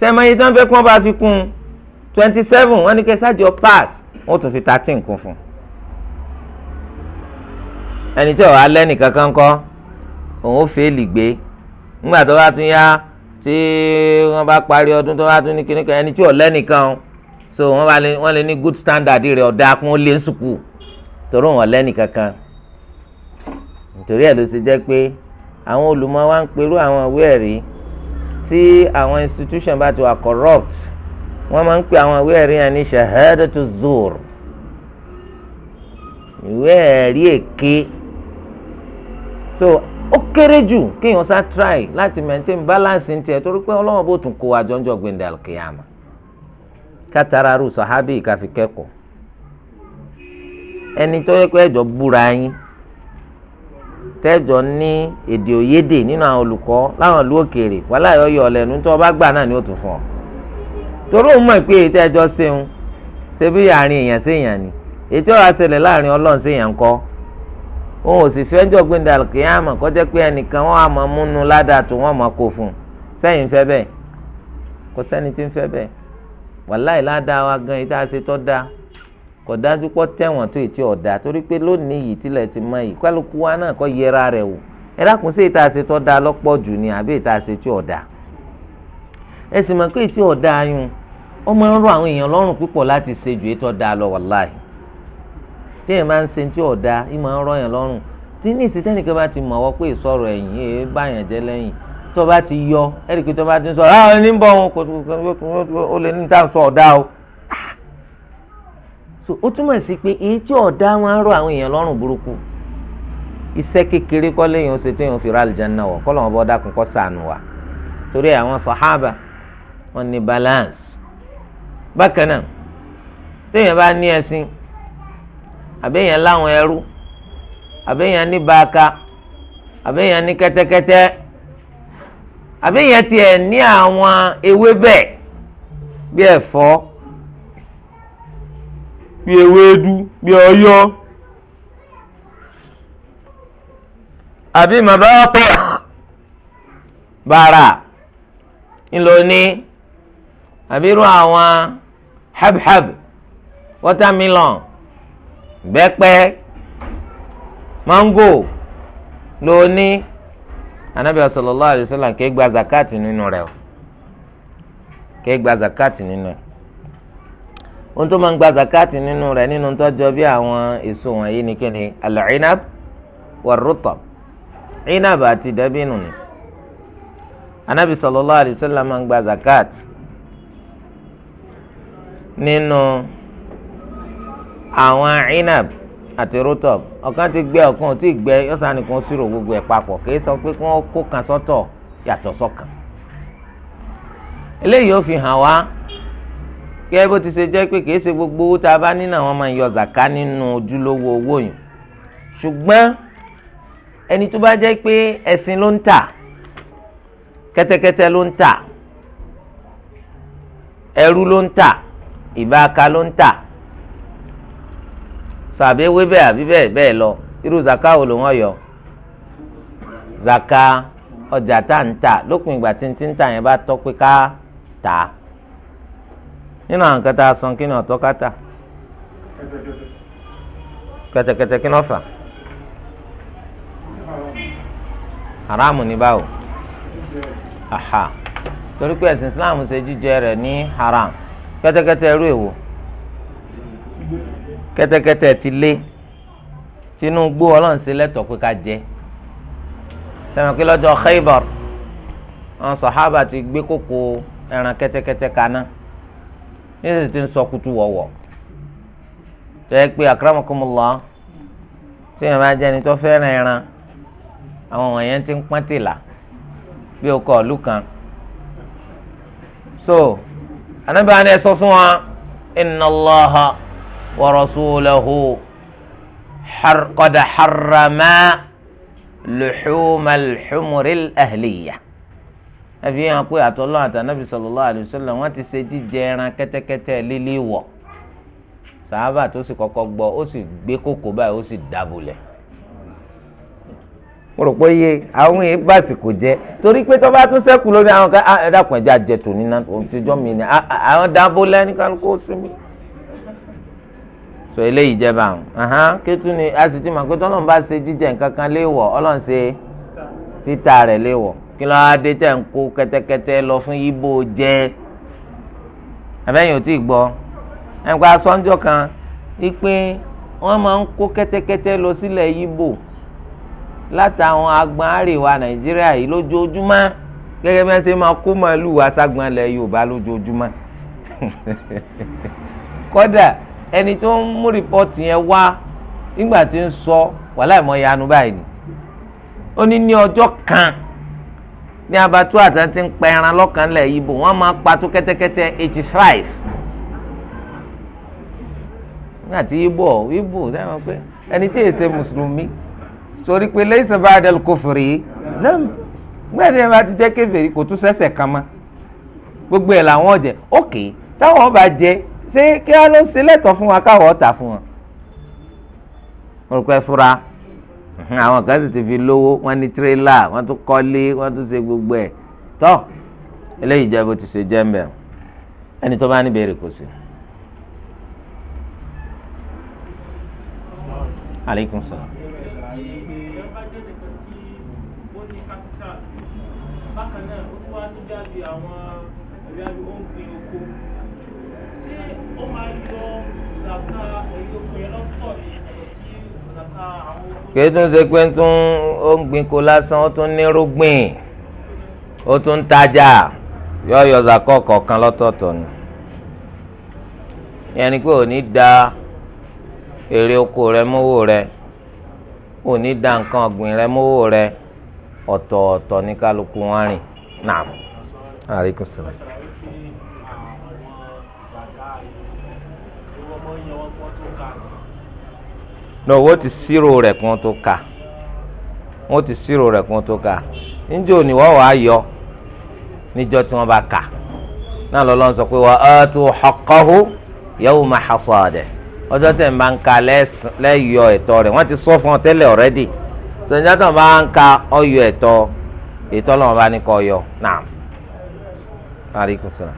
sẹ́mi ayé tán fẹ́ kí wọ́n bá fi kún twenty seven wọ́n ní kẹ́ sájọ pass wọ́n tún fi thirteen kún fún ẹni tí ọ̀hún alẹ́ nìkan kan kọ́ òun ó fèèlì gbé nígbà tó bá tún yá tí wọ́n bá parí ọdún tó bá tún ní kíní ẹni tí ọ̀lẹ́ nìkan o so wọ́n bá lè wọ́n lè ní good standard rẹ̀ ọ̀dà kún ó lé ń sùkú torí òun ọ̀lẹ́ nìkan kan nítorí ẹ̀ ló ṣe jẹ́ pé àwọn olùmọ wa ń perú àwọn ìwé ẹ̀rí tí àwọn institution bá ti wà corrupt wọn máa ń pè àwọn ìwé ẹ̀rí yẹn ní to zur ìwé ẹ̀rí èké so ó kéré jù kéèyàn sá try láti maintain balance ní tiẹ̀ torí pé ọlọ́wọ́n bó tún kó àjọǹjọ́ gbẹ̀ndẹ̀ alkiyama kátàrà rú sọ̀hábì káfíkẹ́kọ̀ọ́ ẹni tó yẹ kó ẹ̀jọ̀ búra yín tẹjọ ní èdè òyédè nínú àwọn olùkọ láwọn ìlú òkèèrè yọ yọ ọ̀lẹ́nu tó bá gbà náà ni ó tún fún torí òun mọ̀ pé èyí tẹ́jọ ṣeun ṣe àárín èèyàn láàrin kọ́ òun ò fẹ́ jọ pé ẹnìkan wọn múnú ládàá tó wọn mọ̀ kó fún un gan dáa kò dájú pọ̀ tẹ̀wọ̀n tó ètí ọ̀dà torí pé lónìí yìí tilẹ̀ ti mọ yìí kálukú wa náà kọ́ yẹra rẹ̀ wò sí ìta ṣe lọ́pọ̀ jù ni àbí ìta ṣe tí ọ̀dà ẹ sì mọ̀ ọ̀dà rọ àwọn èèyàn lọ́rùn púpọ̀ láti ṣe ju ètò lọ tí èèyàn máa ń ṣe tí ọ̀dà yìí máa ń rọ èèyàn lọ́rùn tí ní bá ti mọ̀ so ó túmọ̀ sí pé èyí tí ọ̀dá wọn á rọ àwọn èèyàn lọ́rùn burúkú iṣẹ́ kékeré kọ́ lẹ́yìn oṣù tó yàn fi ra àlùjáná wọ̀ kọ́ lọ́wọ́ bọ́ dákun kọ́ sànù wa torí àwọn wọn ní balance bákan náà téèyàn bá ní ẹṣin àbẹ́yàn láwọn ẹrú àbẹ́yàn ní bàákà àbẹ́yàn ní kẹ́tẹ́kẹ́tẹ́ tiẹ̀ ní àwọn ewébẹ̀ bí ẹ̀fọ́. bí ewédú bí ọyọ́ àbí màbá ọ̀pọ̀ bàrà ńlọ ní àbí irú àwọn habhab watermelon bẹ́pẹ́ mango ló ní anabi sallallahu alaihi wasallam kẹ́ gba zakati nínú rẹ̀ o zakati nínú rẹ̀ ohun tó máa ń gba zakati nínú rẹ̀ nínú tọ́jọ́ bí àwọn èso wọ̀nyí ni kí ni al-inab war-rutab inab àti dàbínù ni anabi sallallahu alayhi wa sallam máa ń gba zakati nínú àwọn inab àti rutab ọ̀kan ti gbẹ ọ̀kan ò tí ì gbẹ sírò gbogbo ẹ̀ papọ̀ kì sọ pé kí kó kan sọ́tọ̀ yàtọ̀ sọ́kan eléyìí ó fi hàn wá kẹ́ bó ti ṣe jẹ́ pé kìí ṣe gbogbo owó tá a bá nínú àwọn máa ń yọ zàká nínú ojúlówó owó yìí ṣùgbọ́n ẹni tó bá jẹ́ pé ẹṣin ló ń tà kẹ́tẹ́kẹ́tẹ́ ló ń tà ẹrú ló ń tà ìbáaka ló ń tà sàbẹ̀wé bẹ́ẹ̀ àbí bẹ́ẹ̀ bẹ́ẹ̀ lọ irú zaka wo ló ń yọ zaka ọjà tá ń tà lópin ìgbà tí ń tà yẹn bá tọ́ pé ká tà á nínú àwọn kẹta asan kí ni ọ̀tọ́ kátà kẹtẹkẹtẹ kí ni ọ̀fà haramu ní báwo aha torí pé ẹ̀sìn Islam ṣe jíjẹ rẹ̀ ní haram kẹtẹkẹtẹ ẹrú èwo kẹtẹkẹtẹ ti lé tinubu ọlọ́run ṣe lẹ́tọ̀ọ́ pé ká jẹ sẹ́wọ̀n kí lọ́jọ́ Khaybar àwọn sọ̀hábà ti gbé kókó ẹran kẹtẹkẹtẹ kaná yẹ́n ti ń sọ kutu wọ̀wọ̀ tẹ́ pé akramakumullah tíyẹn bá jẹ́ ni tó fẹ́ràn ẹran àwọn wọ̀nyẹn ti ń pọ́n tìlà bí o kọ̀ ọ̀lú kan so anabi wa ẹ sọ fún wa inna allaha wa rasulahu qad harrama luhuma al ẹbí hàn pé àtọ́lọ́ àtànábì sallallahu alaihi wasallam wọ́n ti ṣe jíjẹ ẹran kẹ́tẹ́kẹ́tẹ́ lílé wọ̀ sàábà tó sì kọ́kọ́ gbọ́ ó sì gbé kókó báyìí ó sì dábòlẹ̀ mo rò pé iye àwọn yìí bá sì kò jẹ torí pé tó bá tún sẹ́kù lórí àwọn ká ah, ẹ̀dàkùn ẹ̀jẹ̀ àjẹ tòní náà òun ti jọ́ mi ni ah, ah, àwọn dábòlẹ̀ ní kálukú ó sinmi so eléyìí jẹba àwọn kí tún ni a sì ti mọ̀ pé tọ́lọ́mù bá ṣe jíjẹ nǹkan kan léèwọ̀ ọlọ́run ṣe títà rẹ̀ léwọ̀ kí ló á dé tẹ̀ ń kó kẹ́tẹ́kẹ́tẹ́ lọ fún yíbò jẹ́ abẹ́yìn ò tí ì gbọ́ ẹnìkan asọ́njọ́ kan wípé wọ́n máa ń kó kẹ́tẹ́kẹ́tẹ́ lọ sílẹ̀ yíbò látàwọn agbọn àríwá nàìjíríà yìí lójoojúmọ́ gẹ́gẹ́ bí wọ́n ṣe máa kó màálù aṣágbọn ilẹ̀ yorùbá lójoojúmọ́ kódà ẹni tó ń mú rìpọ́tì yẹn wá nígbà tí ń sọ wàhálà ìmọ̀ yanu báyìí ó ní ní ọjọ́ kan ní abatu àtàn ti ń pa ẹran lọ́kàn lẹ̀ yìí bò wọ́n máa pa tó kẹ́tẹ́kẹ́tẹ́ eighty five nígbà tí ibo ibo sẹ́wọ̀n pé ẹni tí èsè mùsùlùmí torí pé lẹ́yìn sábà àdàlù kò fèrè yìí lẹ́mu nígbà tí ẹ bá ti jẹ́ kéferì kò tún sẹ́sẹ̀ kan mọ́ gbogbo ẹ̀ làwọn jẹ ok táwọn bá jẹ ṣé kí wọ́n ló ṣe lẹ́tọ̀ọ́ fún wa káwọ́ ọ̀tà fún wọn. mo rò pé fura àwọn kan sì ti fi lówó wọ́n ní tírélà wọ́n tún kọ́lé wọ́n tún ṣe gbogbo ẹ̀ tọ́ eléyìí jẹ́ bó ti ṣe jẹ́ mbẹ́ ẹni tó bá ní béèrè kò sí. aleykum salaam. jáde àwọn ẹ̀yà ògbìn oko ṣé ó máa yọ ìlàkà ẹ̀yà ògbìn ẹlọ́tọ̀ ní àwọn kìí tún ṣe pé tún ó ń gbin kó lásán ó tún nírúgbìn ó tún ń tajà yọ yọzà ni yẹn ni èrè oko rẹ mówó rẹ ò da nǹkan ọ̀gbìn rẹ mówó rẹ ọ̀tọ̀ọ̀tọ̀ ní kálukú wọn rìn náà wọ́n ti ṣírò rẹ̀ kí tó kà wọ́n ti ṣírò rẹ̀ kí tó kà níjẹ́ òní wọ́n wàá yọ níjọ́ tí wọ́n bá kà náà lọ́lọ́run sọ pé wa atu haqqahu yawma hasadihi ọjọ́ tẹ̀ ń bá ń ka lẹ́yọ ẹ̀tọ́ rẹ̀ ti sọ fún ọ tẹ́lẹ̀ ọ̀rẹ́dì sọ̀njá tó ń bá ń ka ẹ̀tọ́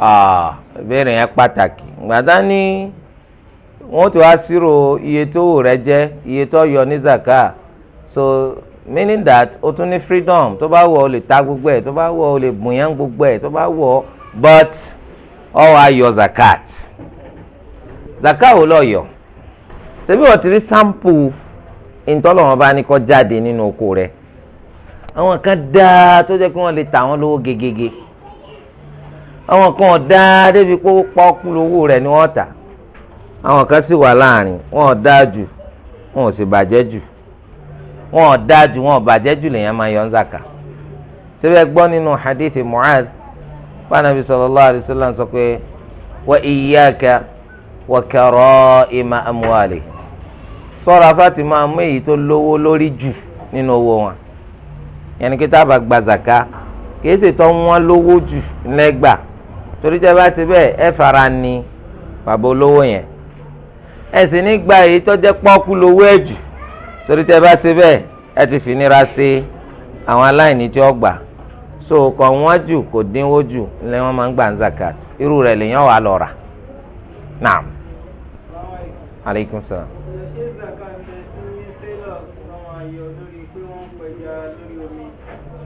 ìbéèrè yẹn pàtàkì gbàdá ní wọ́n ti wá sírò iye tó wù rẹ jẹ́ iye tó yọ ní zaka so meaning that o tún ní freedom tó bá wọ̀ o lè ta gbogbo ẹ̀ tó bá wọ̀ o lè bùnyàn gbogbo ẹ̀ tó bá wọ̀ but ọ wá yọ zakat zaka wo lọ yọ ṣebí wọ́n ti rí sample ìtọ́lọ́wọ́n bá ní kọ́ jáde nínú oko rẹ̀ àwọn kan dáa tó jẹ́ pé wọ́n lè ta wọ́n lówó gegege àwọn kan ọ̀dá débi pé ó pa ọkùnrin owó rẹ̀ ni wọ́n tà àwọn kan sì wà láàrin wọn ọ̀dá jù wọn ò sì bàjẹ́ jù wọn ọ̀dá jù wọn ò bàjẹ́ jù lèèyàn máa yọ ń zàkà síbẹ̀ gbọ́ nínú hadith Mu'adh fanabi sallallahu alayhi wa sallam sọ pé wa iyyaka wa kara'ima amwali sọ́ra Fatima mú èyí tó lówó lórí jù nínú owó wọn yẹnni kí tá a kì í ṣètò wọn lówó jù lẹ́gbàá torí tẹ́ bá ti bẹ́ẹ̀ ẹ fara ni bàbá olówó yẹn ẹ sì ní gba èyí tó jẹ́ pọ́ọ́kú lówó ẹ̀ jù torí tẹ́ bá ti bẹ́ẹ̀ ẹ ti fi nira sí àwọn aláìní tí ó gbà so kọ̀ wọ́n jù kò dínwó jù lẹ́yìn wọ́n máa ń gbà ń zakat irú rẹ̀ lèyàn wà lọ naam aleykum salaam.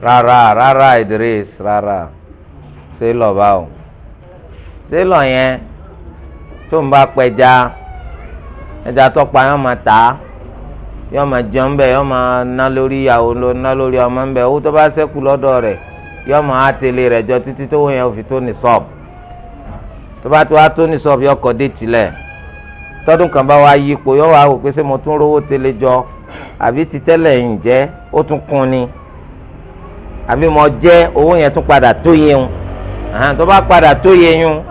rárá rárá Idris rárá ṣé lọ́ba o. lọ yẹn tó ń bá pẹja ẹja tọpa pa máa tà á yọọ máa jẹun bẹ́ẹ̀ yọ́n máa ná lórí ìyàwó ló ná lórí ọmọ ńbẹ owó tó bá máa jọ títí tó yẹn tó ní sọ́ọ̀bù tó bá tó wá tó ní dé kan bá wá yípo wá wò pé ṣé mo tún rówó jọ àbí ti ń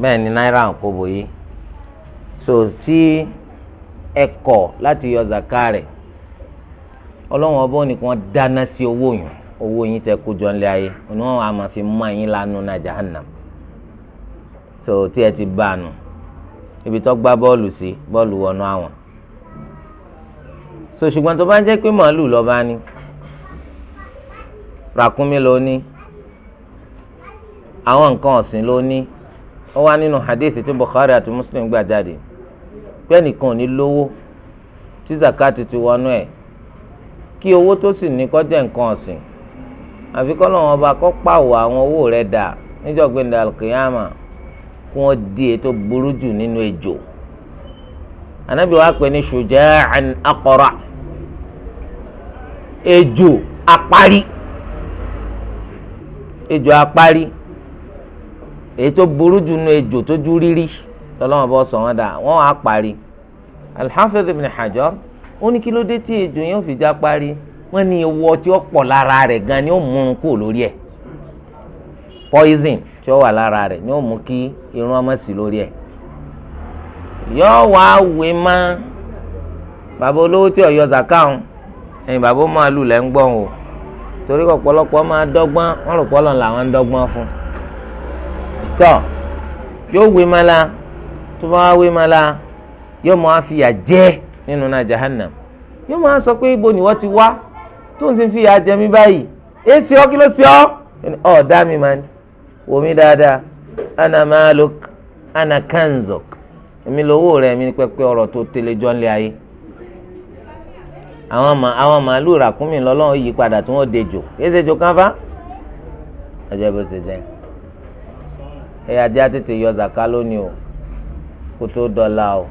bẹ́ẹ̀ ni náírà ń kóbo yìí so tí ẹ kọ̀ láti yọ zaka rẹ̀ ọlọ́run ọba ni ní kí wọ́n dáná sí owó yìí owó yìí tẹ kó jọ ńlẹ̀ ayé òní wọn àmọ́ fi mọ́ ẹ̀yìn lánú náà jahannam so tí ẹ ti bá a nù ibi tó gbá bọ́ọ̀lù sí bọ́ọ̀lù wọnú àwọn so ṣùgbọ́n tó bá ń jẹ́ pé màálù lọ́ba ni ràkúnmí ló àwọn nǹkan ọ̀sìn ló ó wá nínú hadith tí Bukhari àti Muslim gbà jáde pé ẹnìkan ò ní lówó tí zakati ti wọnú ẹ̀ kí owó tó sì ní kó jẹ́ nǹkan ọ̀sìn àfi kọ́ lọ́wọ́n ọba kó pàwọ́ àwọn owó rẹ̀ dà níjọ́gbìn dàlùkìyàmà kí wọ́n di ètò burú jù nínú ejò anabi wa pè ní shuja'an aqra ejò apárí ejò apárí èyí tó burú jù nu ejò tó ju rírí lọ́lọ́wọ́n bọ́ sọ wọ́n dà wọ́n á parí Al-Hafiz Ibn Hajar ó ní kí ló dé tí ejò yẹn ò fi já parí wọ́n ní ewu ọtí ó pọ̀ lára rẹ̀ gan ni ó mú un kúrò lórí ẹ̀ poison tí ó wà lára rẹ̀ ni ó mú kí irun ọmọ sí lórí ẹ̀ yóò wá wé má bàbá olówó tí ọ̀yọ́ zakáhùn ẹ̀yìn bàbá ó máa lù lẹ́ ń gbọ́n o torí ọ̀pọ̀lọpọ̀ máa dọ́gbọ́n wọ́n rò pọ́lọ́ làwọn ń dọ́gbọ́n fún un tọ́ yóò wé mọ́lá tó bá wé mọ́lá yóò máa fìyà jẹ nínú náà jahannam yóò máa sọ pé ibo ni wọ́n ti wá tó ń ti fìyà jẹ mí báyìí èé sí ọ kí ló sí ọ ọ dá mi máa ní wò mí dáadáa ana maluk ana kanzok èmi lówó rẹ̀ mi ní pẹ́pẹ́ ọ̀rọ̀ tó tẹ́lẹ̀ jọ́ ńlẹ̀ ayé àwọn ma àwọn màálù ràkúnmí lọ́lọ́run yí padà tí wọ́n dejò èsèjò kan fa ọjọ́ bó ṣe jẹ́ ẹ̀yà ajá tètè yọ zàká lónìí o kó tó dọ́là o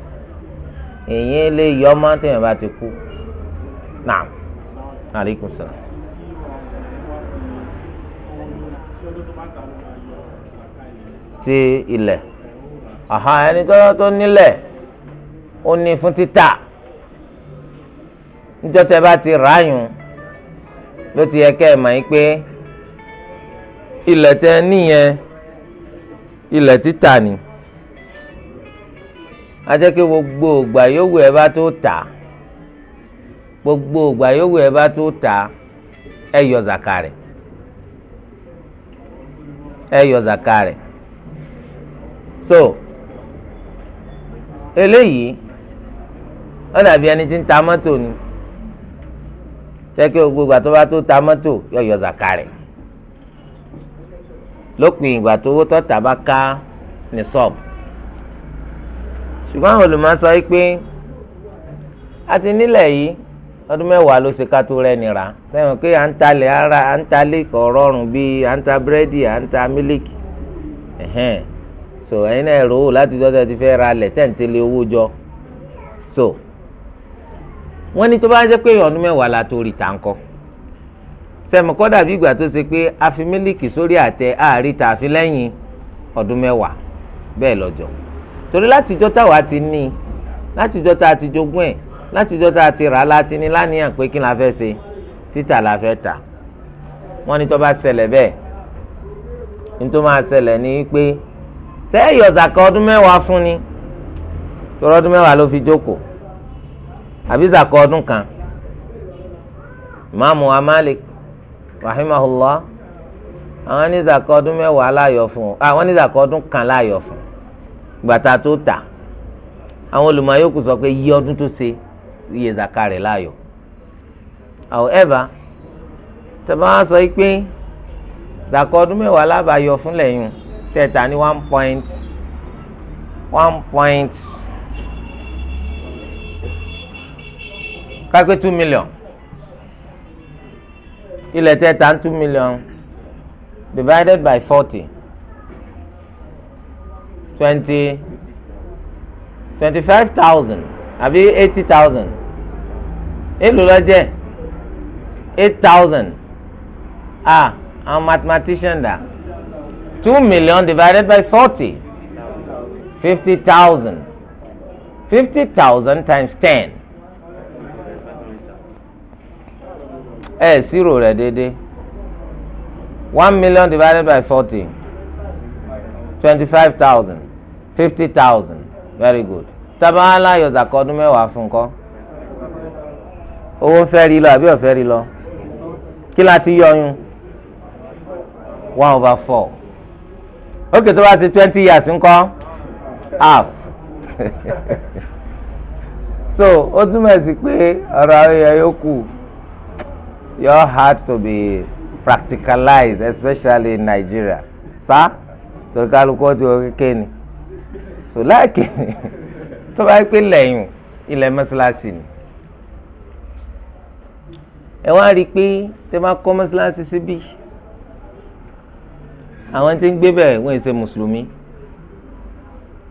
èyí lè yọ ọmọ tẹ̀yìn bá ti kú naam aleykum salaam. ti ilẹ̀ aha ẹni tó tó nílẹ̀ ó ní fún títà níjọ́ tẹ́ bá ti ráyùn ló ti yẹ kẹ́ ẹ̀ mọ̀ yín pé ilẹ̀ tẹ́ níyẹn ilẹ̀ títà ni ajẹ́ kí gbogbo ògbà yòówù ẹ bá tó tà gbogbo ògbà yòówù ẹ bá tó tà ẹ yọ zàkà rẹ̀ ẹ yọ zàkà rẹ̀ so eléyìí ó dàbí ẹni tí ń ta mọ́tò ni jẹ́ kí gbogbo ìgbà tó bá tó ta mọ́tò yọ yọ zàkà rẹ̀ lópin ìgbà tó owó tọ́tà bá ká ní sọ́ọ̀bù ṣùgbọ́n àwọn olùmọ̀ sọ pé a ti nílẹ̀ yìí ọdún mẹ́wàá ló ṣe ká tó rẹ̀ nira sẹ́wọ̀n pé à ń talẹ̀ ara à ń talẹ̀ kọ̀ rọrùn bíi à ń ta búrẹ́dì à ń ta mílíkì ẹ̀hẹ́n so ẹ̀yin náà rò ó láti dọ́tà ti fẹ́ ra lẹ̀ tẹ̀ǹtẹ̀lẹ̀ owó jọ so wọ́n ní tó bá jẹ́ pé ọdún mẹ́wàá la tó rí tàǹkọ́ sẹ́mi kọ́ dàbí ìgbà tó ṣe pé a fi mílíkì sórí àtẹ àárí tá a fi lẹ́yìn ọdún mẹ́wàá bẹ́ẹ̀ lọ́jọ́ torí látijọ́ táwa ti ní látijọ́ tá a ti jogún ẹ̀ látijọ́ tá a ti rà á láti ní lánìyàn pé kí la fẹ́ ṣe títà la fẹ́ tà wọ́n ní tó bá ṣẹlẹ̀ bẹ́ẹ̀ ní tó máa ṣẹlẹ̀ ní pé sẹ́yọ̀ zàkà ọdún mẹ́wàá fún ni torí ọdún mẹ́wàá ló fi jókòó àbí zàkà ọdún kan ìmáàmù wa rahimahullah àwọn ní zaka ọdún mẹ́wàá láàyò fún ọ àwọn ah, ní zaka ọdún kan láàyò fún gbàtà tó tà àwọn olùmọ̀ yòókù sọ pé yí ọdún tó ṣe iye zaka rẹ̀ láàyò however tẹ̀bá wá sọ pé zaka ọdún mẹ́wàá lábàáyọ fún lẹ́yìn tẹ̀ta ní one point one point kápẹ́ two million ilẹ̀ tẹ́ two million divided by forty twenty twenty five thousand àbí eighty thousand èlò lọ́jẹ́ eight thousand ah àwọn mathematician dà two million divided by forty fifty thousand fifty thousand times ten. ẹ zero rẹ̀ déédéé one million divided by forty twenty five thousand fifty thousand very good tabaala yọzakọ ọdún mẹ́wàá fún kọ́ owó fẹ́ rí lọ àbí ọ̀fẹ́ rí lọ kí la ti yọyún one over four ókè tó bá ti twenty years ńkọ́ half so ó túmọ̀ sí pé ọ̀rọ̀ àwọn èèyàn yóò kù your heart to be practicalized especially in Nigeria sa torí kálukú ọtí wọn kékeré ni so láàkì tó bá pé lẹ́yìn ilẹ̀ mọ́ṣáláṣí ni ẹ wá rí i pé tẹ bá kọ́ mọ́ṣáláṣí síbí àwọn tí ń gbé bẹ́ẹ̀ wọ́n ṣe mùsùlùmí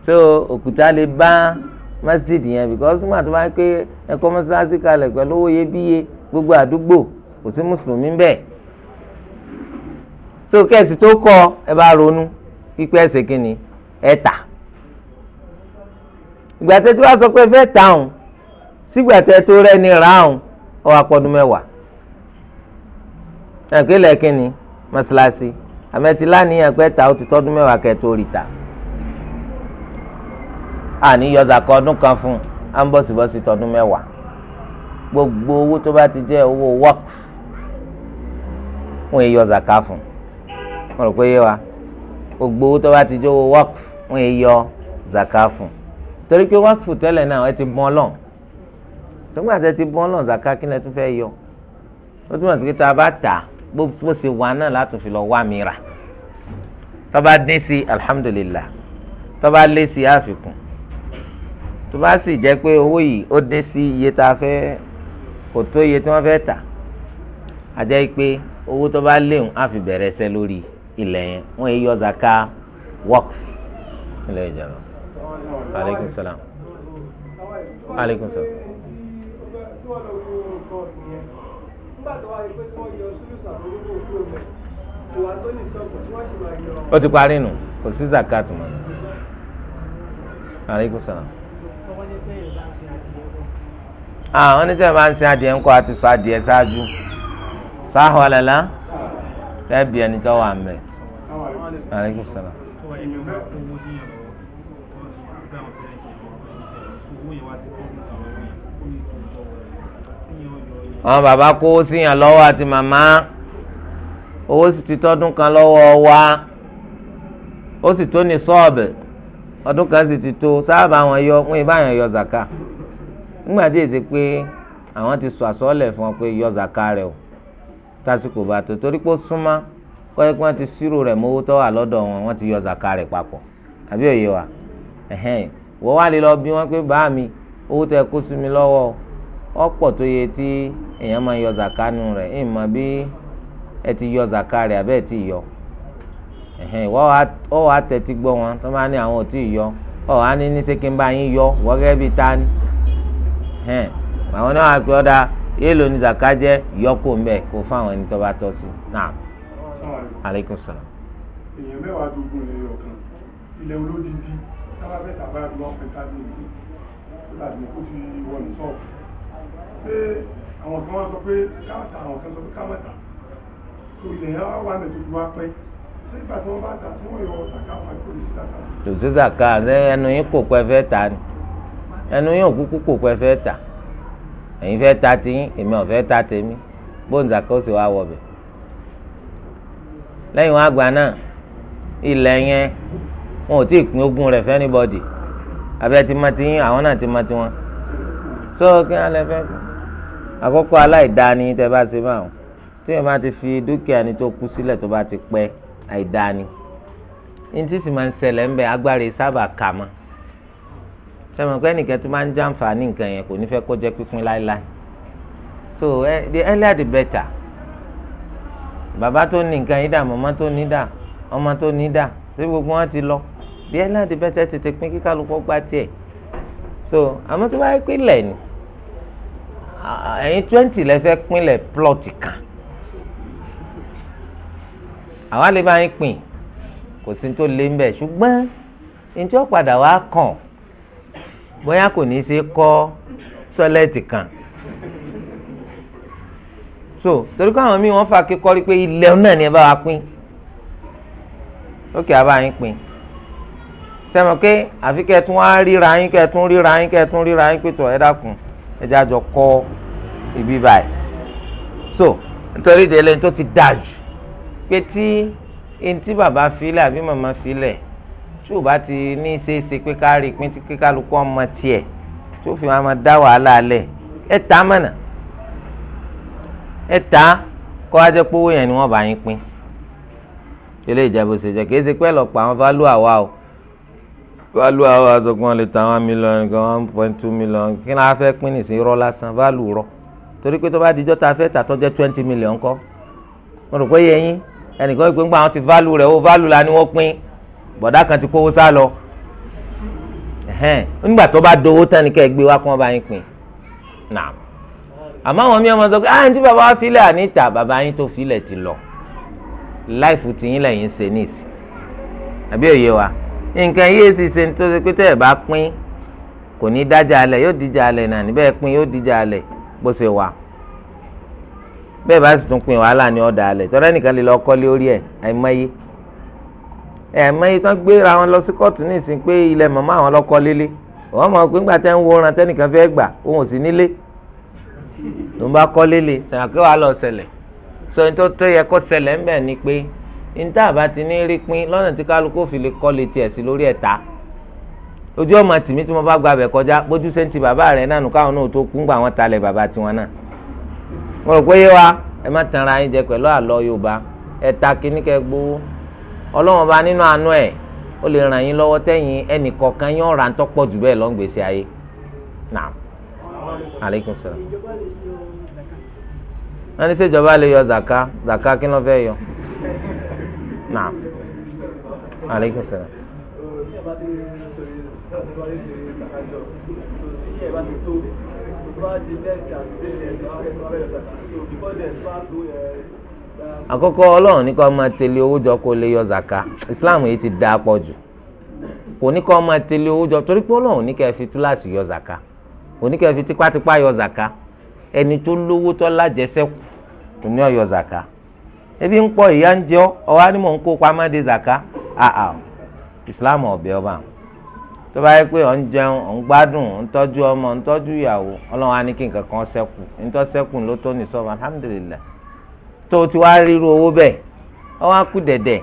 so òkúta lè bá masjid yẹn because nígbà tó bá pé ẹ kọ́ mọ́ṣáláṣí kalẹ̀ pẹ̀lú owó iyebíye gbogbo àdúgbò kò sí mùsùlùmí ń bẹ tó kẹ́sì tó kọ ẹ bá ronú pípẹ́ ẹsẹ̀ kínní ẹ tà ìgbà tẹ́ tí wàá sọ pé fẹ́ tà òun sígbà tẹ́ tó rẹ́ ni rà òun ọ apọ̀dún mẹ́wàá nàkélẹ̀ kínní mọ́ṣáláṣí àmẹ́tìlá níyàn pé tà ó ti tọ́dún mẹ́wàá kẹ́ tó rí tà àní yọ̀dà kọ ọdún kan fún un à ń bọ̀sibọ́sí tọdún mẹ́wàá gbogbo owó tó bá ti jẹ́ owó wọ́ọ̀kì wọn èyí yọ zaka fún wọn rò pé yé wa gbogbo owó tó bá ti jówó wákf wọn èyí yọ zaka fún torí pé wákf tẹ́lẹ̀ náà ẹ ti bọ́n lọ́n tóńgbà tẹ ti bọ́n lọ́n zaka kí ni ẹ tún fẹ́ yọ ó túmọ̀ sí pé bá tà bó ṣe wà náà láti fi lọ wá mi rà tó dín sí alhamdulillah tó bá lé sí àfikún tó bá sì jẹ́ pé owó yìí ó dín sí iye tá a fẹ́ kò tó iye tí wọ́n fẹ́ tà á jẹ́ owó tó bá léwu á fi bẹ̀rẹ̀ ẹsẹ̀ lórí ilẹ̀ yẹn wọ́n yẹ yọ zaka wọ́ọ̀kì ilẹ̀ ìjọba aleykum salaam aleykum salaam. ó ti parí nù kò sí zaka tó aleykum salaam àwọn ah, oníṣẹ́ máa ń sin adìẹ ńkọ́ àti sọ adìẹ ṣáájú sáhùn àlàlá tẹ́ẹ̀bì ẹni tó wà mẹ́. aleykum salaam. àwọn bàbá kó síyàn lọ́wọ́ àti màmá owó sì ti tọ́dún kan lọ́wọ́ wa ó sì tó ní sọ́ọ̀bù ọdún kan sì ti tó sáàbà àwọn yọ wọn ìbáyàn yọ zaka nígbà tí èsì pé àwọn ti sọ àsọ́ọ̀lẹ̀ fún ọ pé yọ zaka rẹ o tásìkò bá tó torí pé ó pé wọ́n ti ṣírò rẹ̀ mówó tó wà lọ́dọ̀ wọn wọ́n ti yọ zaka rẹ̀ papọ̀ àbí òye wa wọ́n wá lè lọ bí wọ́n pé bá mi owó tẹ kó sí mi lọ́wọ́ ọ̀pọ̀ tó yọ zaka nù rẹ̀ ẹ̀ mọ̀ bí ẹ ti yọ zaka ti yọ wọ́n wá tẹ́tí gbọ́ wọn tó máa ní àwọn ò tí ì yọ ọ̀ á ní ní àwọn náà yéé lóni zaka jẹ́ yọkó mbẹ kó fáwọn ẹni tó bá tọ́ sí náà aleykum salaam. èèyàn mẹ́wàá dógún lè yọ kan ilẹ̀ olódìdí sábà bẹ́ẹ̀ tàbá lọ pẹ̀ta ní ìlú tó dàbí kó fi wọ̀n sọ́ọ̀bù pé àwọn kan wá sọ pé káàtà àwọn kan sọ pé kámẹ́ta tó ilẹ̀ yẹn wá wà mẹ́tò tó wá pẹ́ nígbà tí wọ́n bá tà tí wọ́n yọ zaka wọn kò lè sí zaka. tòṣì zaka ẹnu yín kò pẹ́ fẹ́ ta ẹnu yín òkúkú kò pẹ́ fẹ́ ta ẹ̀yin fẹ́ ta tiyín èmi ò fẹ́ ta tèmi bóńdà kó sì wá wọ̀ bẹ̀. lẹ́yìn wọn àgbà náà ilẹ̀ yẹn wọn ò tí ì pín ogún rẹ̀ fẹ́nibọ́dì abẹ́ ti ma tiyín àwọn náà ti ma tiwọn. sọ kí wọn lẹ fẹ́ àkọ́kọ́ aláìdáni tẹ bá ti bá wọn tí wọn bá ti fi dúkìá ni tó kú sílẹ̀ tó bá ti pẹ́ àìdáni ní títí máa ń ṣẹlẹ̀ ń bẹ agbára sábà kà máa sẹ́mi pé ẹnìkan tó máa ń jàǹfààní nǹkan yẹn kò ní fẹ́ kó jẹ́ pípín láéláé so the earlier the better bàbá tó ní nǹkan yìí dà màmá tó ní dà ọmọ tó ní dà ṣé gbogbo wọn ti lọ the earlier the better tètè pín kíkálukú gbá tiẹ̀ so àmọ́ tó bá yẹ pé lẹ̀ ni ẹ̀yin twenty lẹ́fẹ́ pínlẹ̀ plot kan àwa lè bá yín pín kò sí tó lé ń bẹ̀ ṣùgbọ́n ǹjẹ́ ó padà wá kàn bóyá kò ní í ṣe kọ́ sọ́lẹ́ẹ̀tì kan so torí káwọn míì wọ́n fà kíkọ́rí pé ilẹ̀ náà ni ẹ bá wa pín lókè àbá yín pín sẹ́mi pé àfi kẹ́tún wá ríra yín kẹ́tún ríra yín kẹ́tún ríra yín pé tọ̀ ẹ dákun ẹ jẹ́ àjọ kọ́ ibi báyìí so nítorí ìdílé tó ti dájú pé tí ntí bàbá filẹ̀ àbí màmá filẹ̀ tí ò bá ti ní ṣeéṣe pé ká rí pín kí kálukú ọmọ tiẹ̀ tí ó fi wọn máa dá wàhálà lẹ̀ ẹ tà á mọ̀nà ẹ tà á kọ́ wá jẹ́ pé owó yẹn ni wọ́n bá yín pín ilé ìjẹ́bù ṣèjẹ́ kì í ṣe pé ẹlọ́pàá àwọn fálú àwa o fálú àwa àtọkùn lè ta one million one point two million kí ni a fẹ́ pín nìsín irọ́ lásán fálú rọ torí pé tó bá dijọ́ ta fẹ́ tà tó jẹ́ twenty million kọ́ mo rò pé yẹn yín ẹnìkan ìpínpá àwọn ti fálú rẹ̀ ó fálú la ni wọ́n pín bọ̀dá kan ti kówó sá lọ nígbà tó bá dowó tán ni ká ẹ gbé wá kí wọ́n bá yín pín náà àmọ́ àwọn míì ọmọ sọ pé ah ní tí bàbá wa filẹ̀ àní ìta bàbá yín tó filẹ̀ ti lọ láìfù tí yín lẹ́yìn ṣe ní ìsìn àbí òye wa nǹkan yìí èsì ṣe ní tó ṣe pé tẹ́ ẹ̀ bá pín kò ní dájà alẹ̀ yóò díjà alẹ̀ náà níbẹ̀ pín yóò díjà alẹ̀ bó ṣe wà bẹ́ẹ̀ bá sì tún pín wàhálà ní ọ̀dà alẹ̀ tọ́lá nìkan lè lọ kọ́lé orí ẹ̀ àìmọye ẹ̀mọ́ yìí kan gbéra wọn lọ sí kóòtù nísìn pé ilẹ̀ màmá àwọn lọ́kọ́ lélẹ̀ wọ́n mọ̀ pé ńgbà tẹ́ ń wòran tẹ́nìkan fẹ́ gbà òun ò sí nílé ló ń bá kọ́ lélẹ̀ sàn kí wàá lọ ṣẹlẹ̀ sọ ní tó tó yẹ kó ṣẹlẹ̀ ńbẹ̀ ni pé ti ní rí pín lọ́nà tí kálukú fi lè kọ́ lè tiẹ̀ sí lórí ẹ̀ta ojú ọmọ tìmí tí mo bá gba kọjá bójú sẹ́ńtì bàbá rẹ̀ káwọn náà tó talẹ̀ bàbá tiwọn náà mo rò pé yé wa ẹ má ọlọ́wọ́n bá nínú àánú ẹ̀ ó lè ràn yín lọ́wọ́ tẹ́yìn ẹnìkọ̀ọ̀kan yín ọ̀rà ń tọ́pọ̀ jù bẹ́ẹ̀ lọ́ngbèsè ayé náà aleykum salaam wọ́n ní sèjọba lè yọ zaka zaka kí ló fẹ́ yọ àkọ́kọ́ ọlọ́run ní kó máa tẹ̀lé owó jọ kó lè yọ zaka islam yìí ti da pọ̀ jù kò ní kó máa tẹ̀lé owó jọ torí pé ọlọ́run ní kẹ́ fi túláàsì yọ zaka kò ní kẹ́ fi tipátipá yọ zaka ẹni tó lówó tó lájẹsẹ́kù kò ní ọ̀yọ́ zaka ebi ń pọ̀ ìyá ń jẹ ọ́ ọwọ́ ánimọ̀ ń kó pamọ́ de zaka àà islam ọ̀bẹ ọba tó bá yẹ pé ọ̀ ń jẹun ọ̀ ń gbádùn ọ̀ ń tọ́jú ọmọ ọ̀ ń tọ́jú ìyàwó ọlọ́run á ní kí nǹkan kan ṣẹ́kù ń tọ́ ṣẹ́kù ló tó ní sọ́ọ̀bù alhamdulilayi tó o ti wá ríru owó bẹ́ẹ̀ wọ́n á kú dẹ̀dẹ̀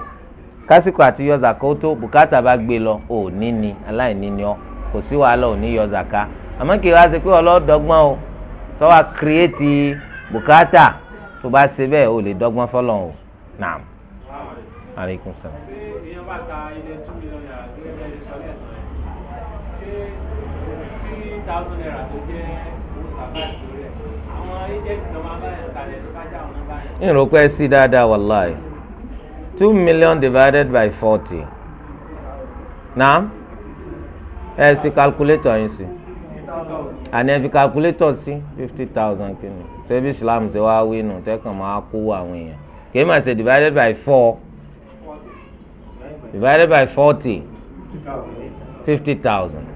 kásìkò àti yọ zàká ó tó bùkátà bá gbé lọ ò ní ni aláìní ni ọ kò sí wàhálà ò ní yọ àmọ́ kì í wá sí pé ọlọ́dọ́gbọ́n o tó wá kírètì bùkátà tó bá ṣe bẹ́ẹ̀ ò lè dọ́gbọ́n fọlọ́n o naam Thousand naira to get ìrọ̀pẹ́ sí dáadáa wàláì two million divided by forty náà ẹ sì calculator yín sí àní ẹ fi calculator sí fifty thousand kìíní ṣebí Islam ṣe wá wí nù tẹ́kàn máa kówó àwọn èèyàn kìí máa ṣe divided by four divided by forty fifty thousand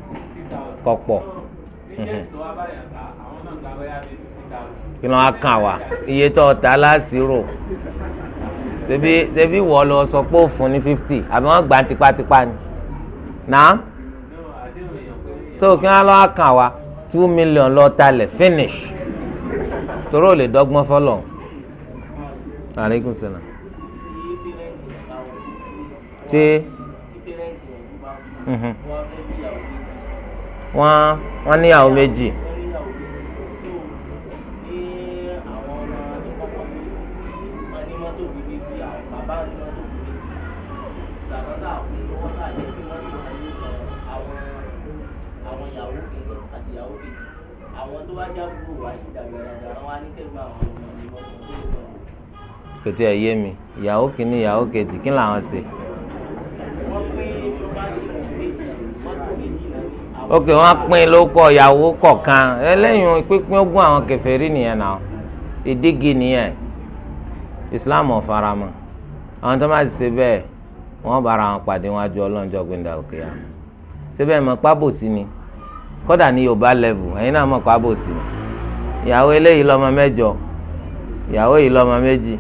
kọ̀pọ̀. kí ló ń kàn wá iye tó ta láṣìírò ṣebí ṣebí wọ lọ sọ pé ó fún ní fifty àbí Na. gbà tipátipá ni náà tó kí wọ́n lọ kàn wá two million lọ finish torí le lè ṣe mhm. wọ́n wọ́n níyàwó méjì. tó bá já burú wá sí dàgbàdàgbà wọn á ní kẹgbẹ́ àwọn ọmọ ìwọ kò tí ẹ yé mi ìyàwó kìíní ìyàwó kejì kí làwọn ṣe. ok wọn pín ló kọ ìyàwó kọ̀ọ̀kan ẹlẹ́yìn pínpín ogún àwọn kèfèrí nìyẹn náà ìdígi nìyẹn Islam ò faramọ́ àwọn tó máa ṣe bẹ́ẹ̀ wọ́n bára wọn pàdé wọn àjọ ọlọ́njọ́ gbẹ̀ndàlùkìyà síbẹ̀ mọ̀ pábòsí ni. kódà ní yorùbá lẹ́vù ẹ̀yin náà mọ̀ pa bòsì ìyàwó eléyìí lọ́mọ mẹ́jọ ìyàwó yìí lọ́mọ méjì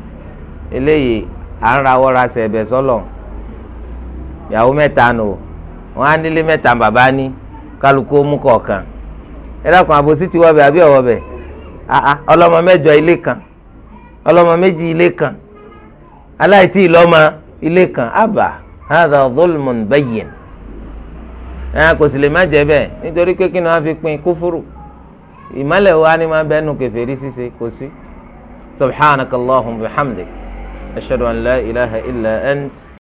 eléyìí à ń rawọ́ ra sẹ̀bẹ̀ sọ́lọ̀ ìyàwó mẹ́ta nù wọ́n á nílé mẹ́ta bàbá ní kálukú mú kọ̀ọ̀kan ẹ àbòsí ti wọ́bẹ̀ ah, ah, ilé kan ọlọ́mọ méjì ilé kan ìlọ́mọ ilé kan àbà ẹ eh, kò sì lè má jẹ bẹ́ẹ̀ nítorí pé kí ni wọ́n fi pín kúfúrú ìmọ̀lẹ̀ wa ni máa bẹ́ẹ̀ nù kèfèrí ṣíṣe kò sí subhanakallahumma wa ilaha illa ant.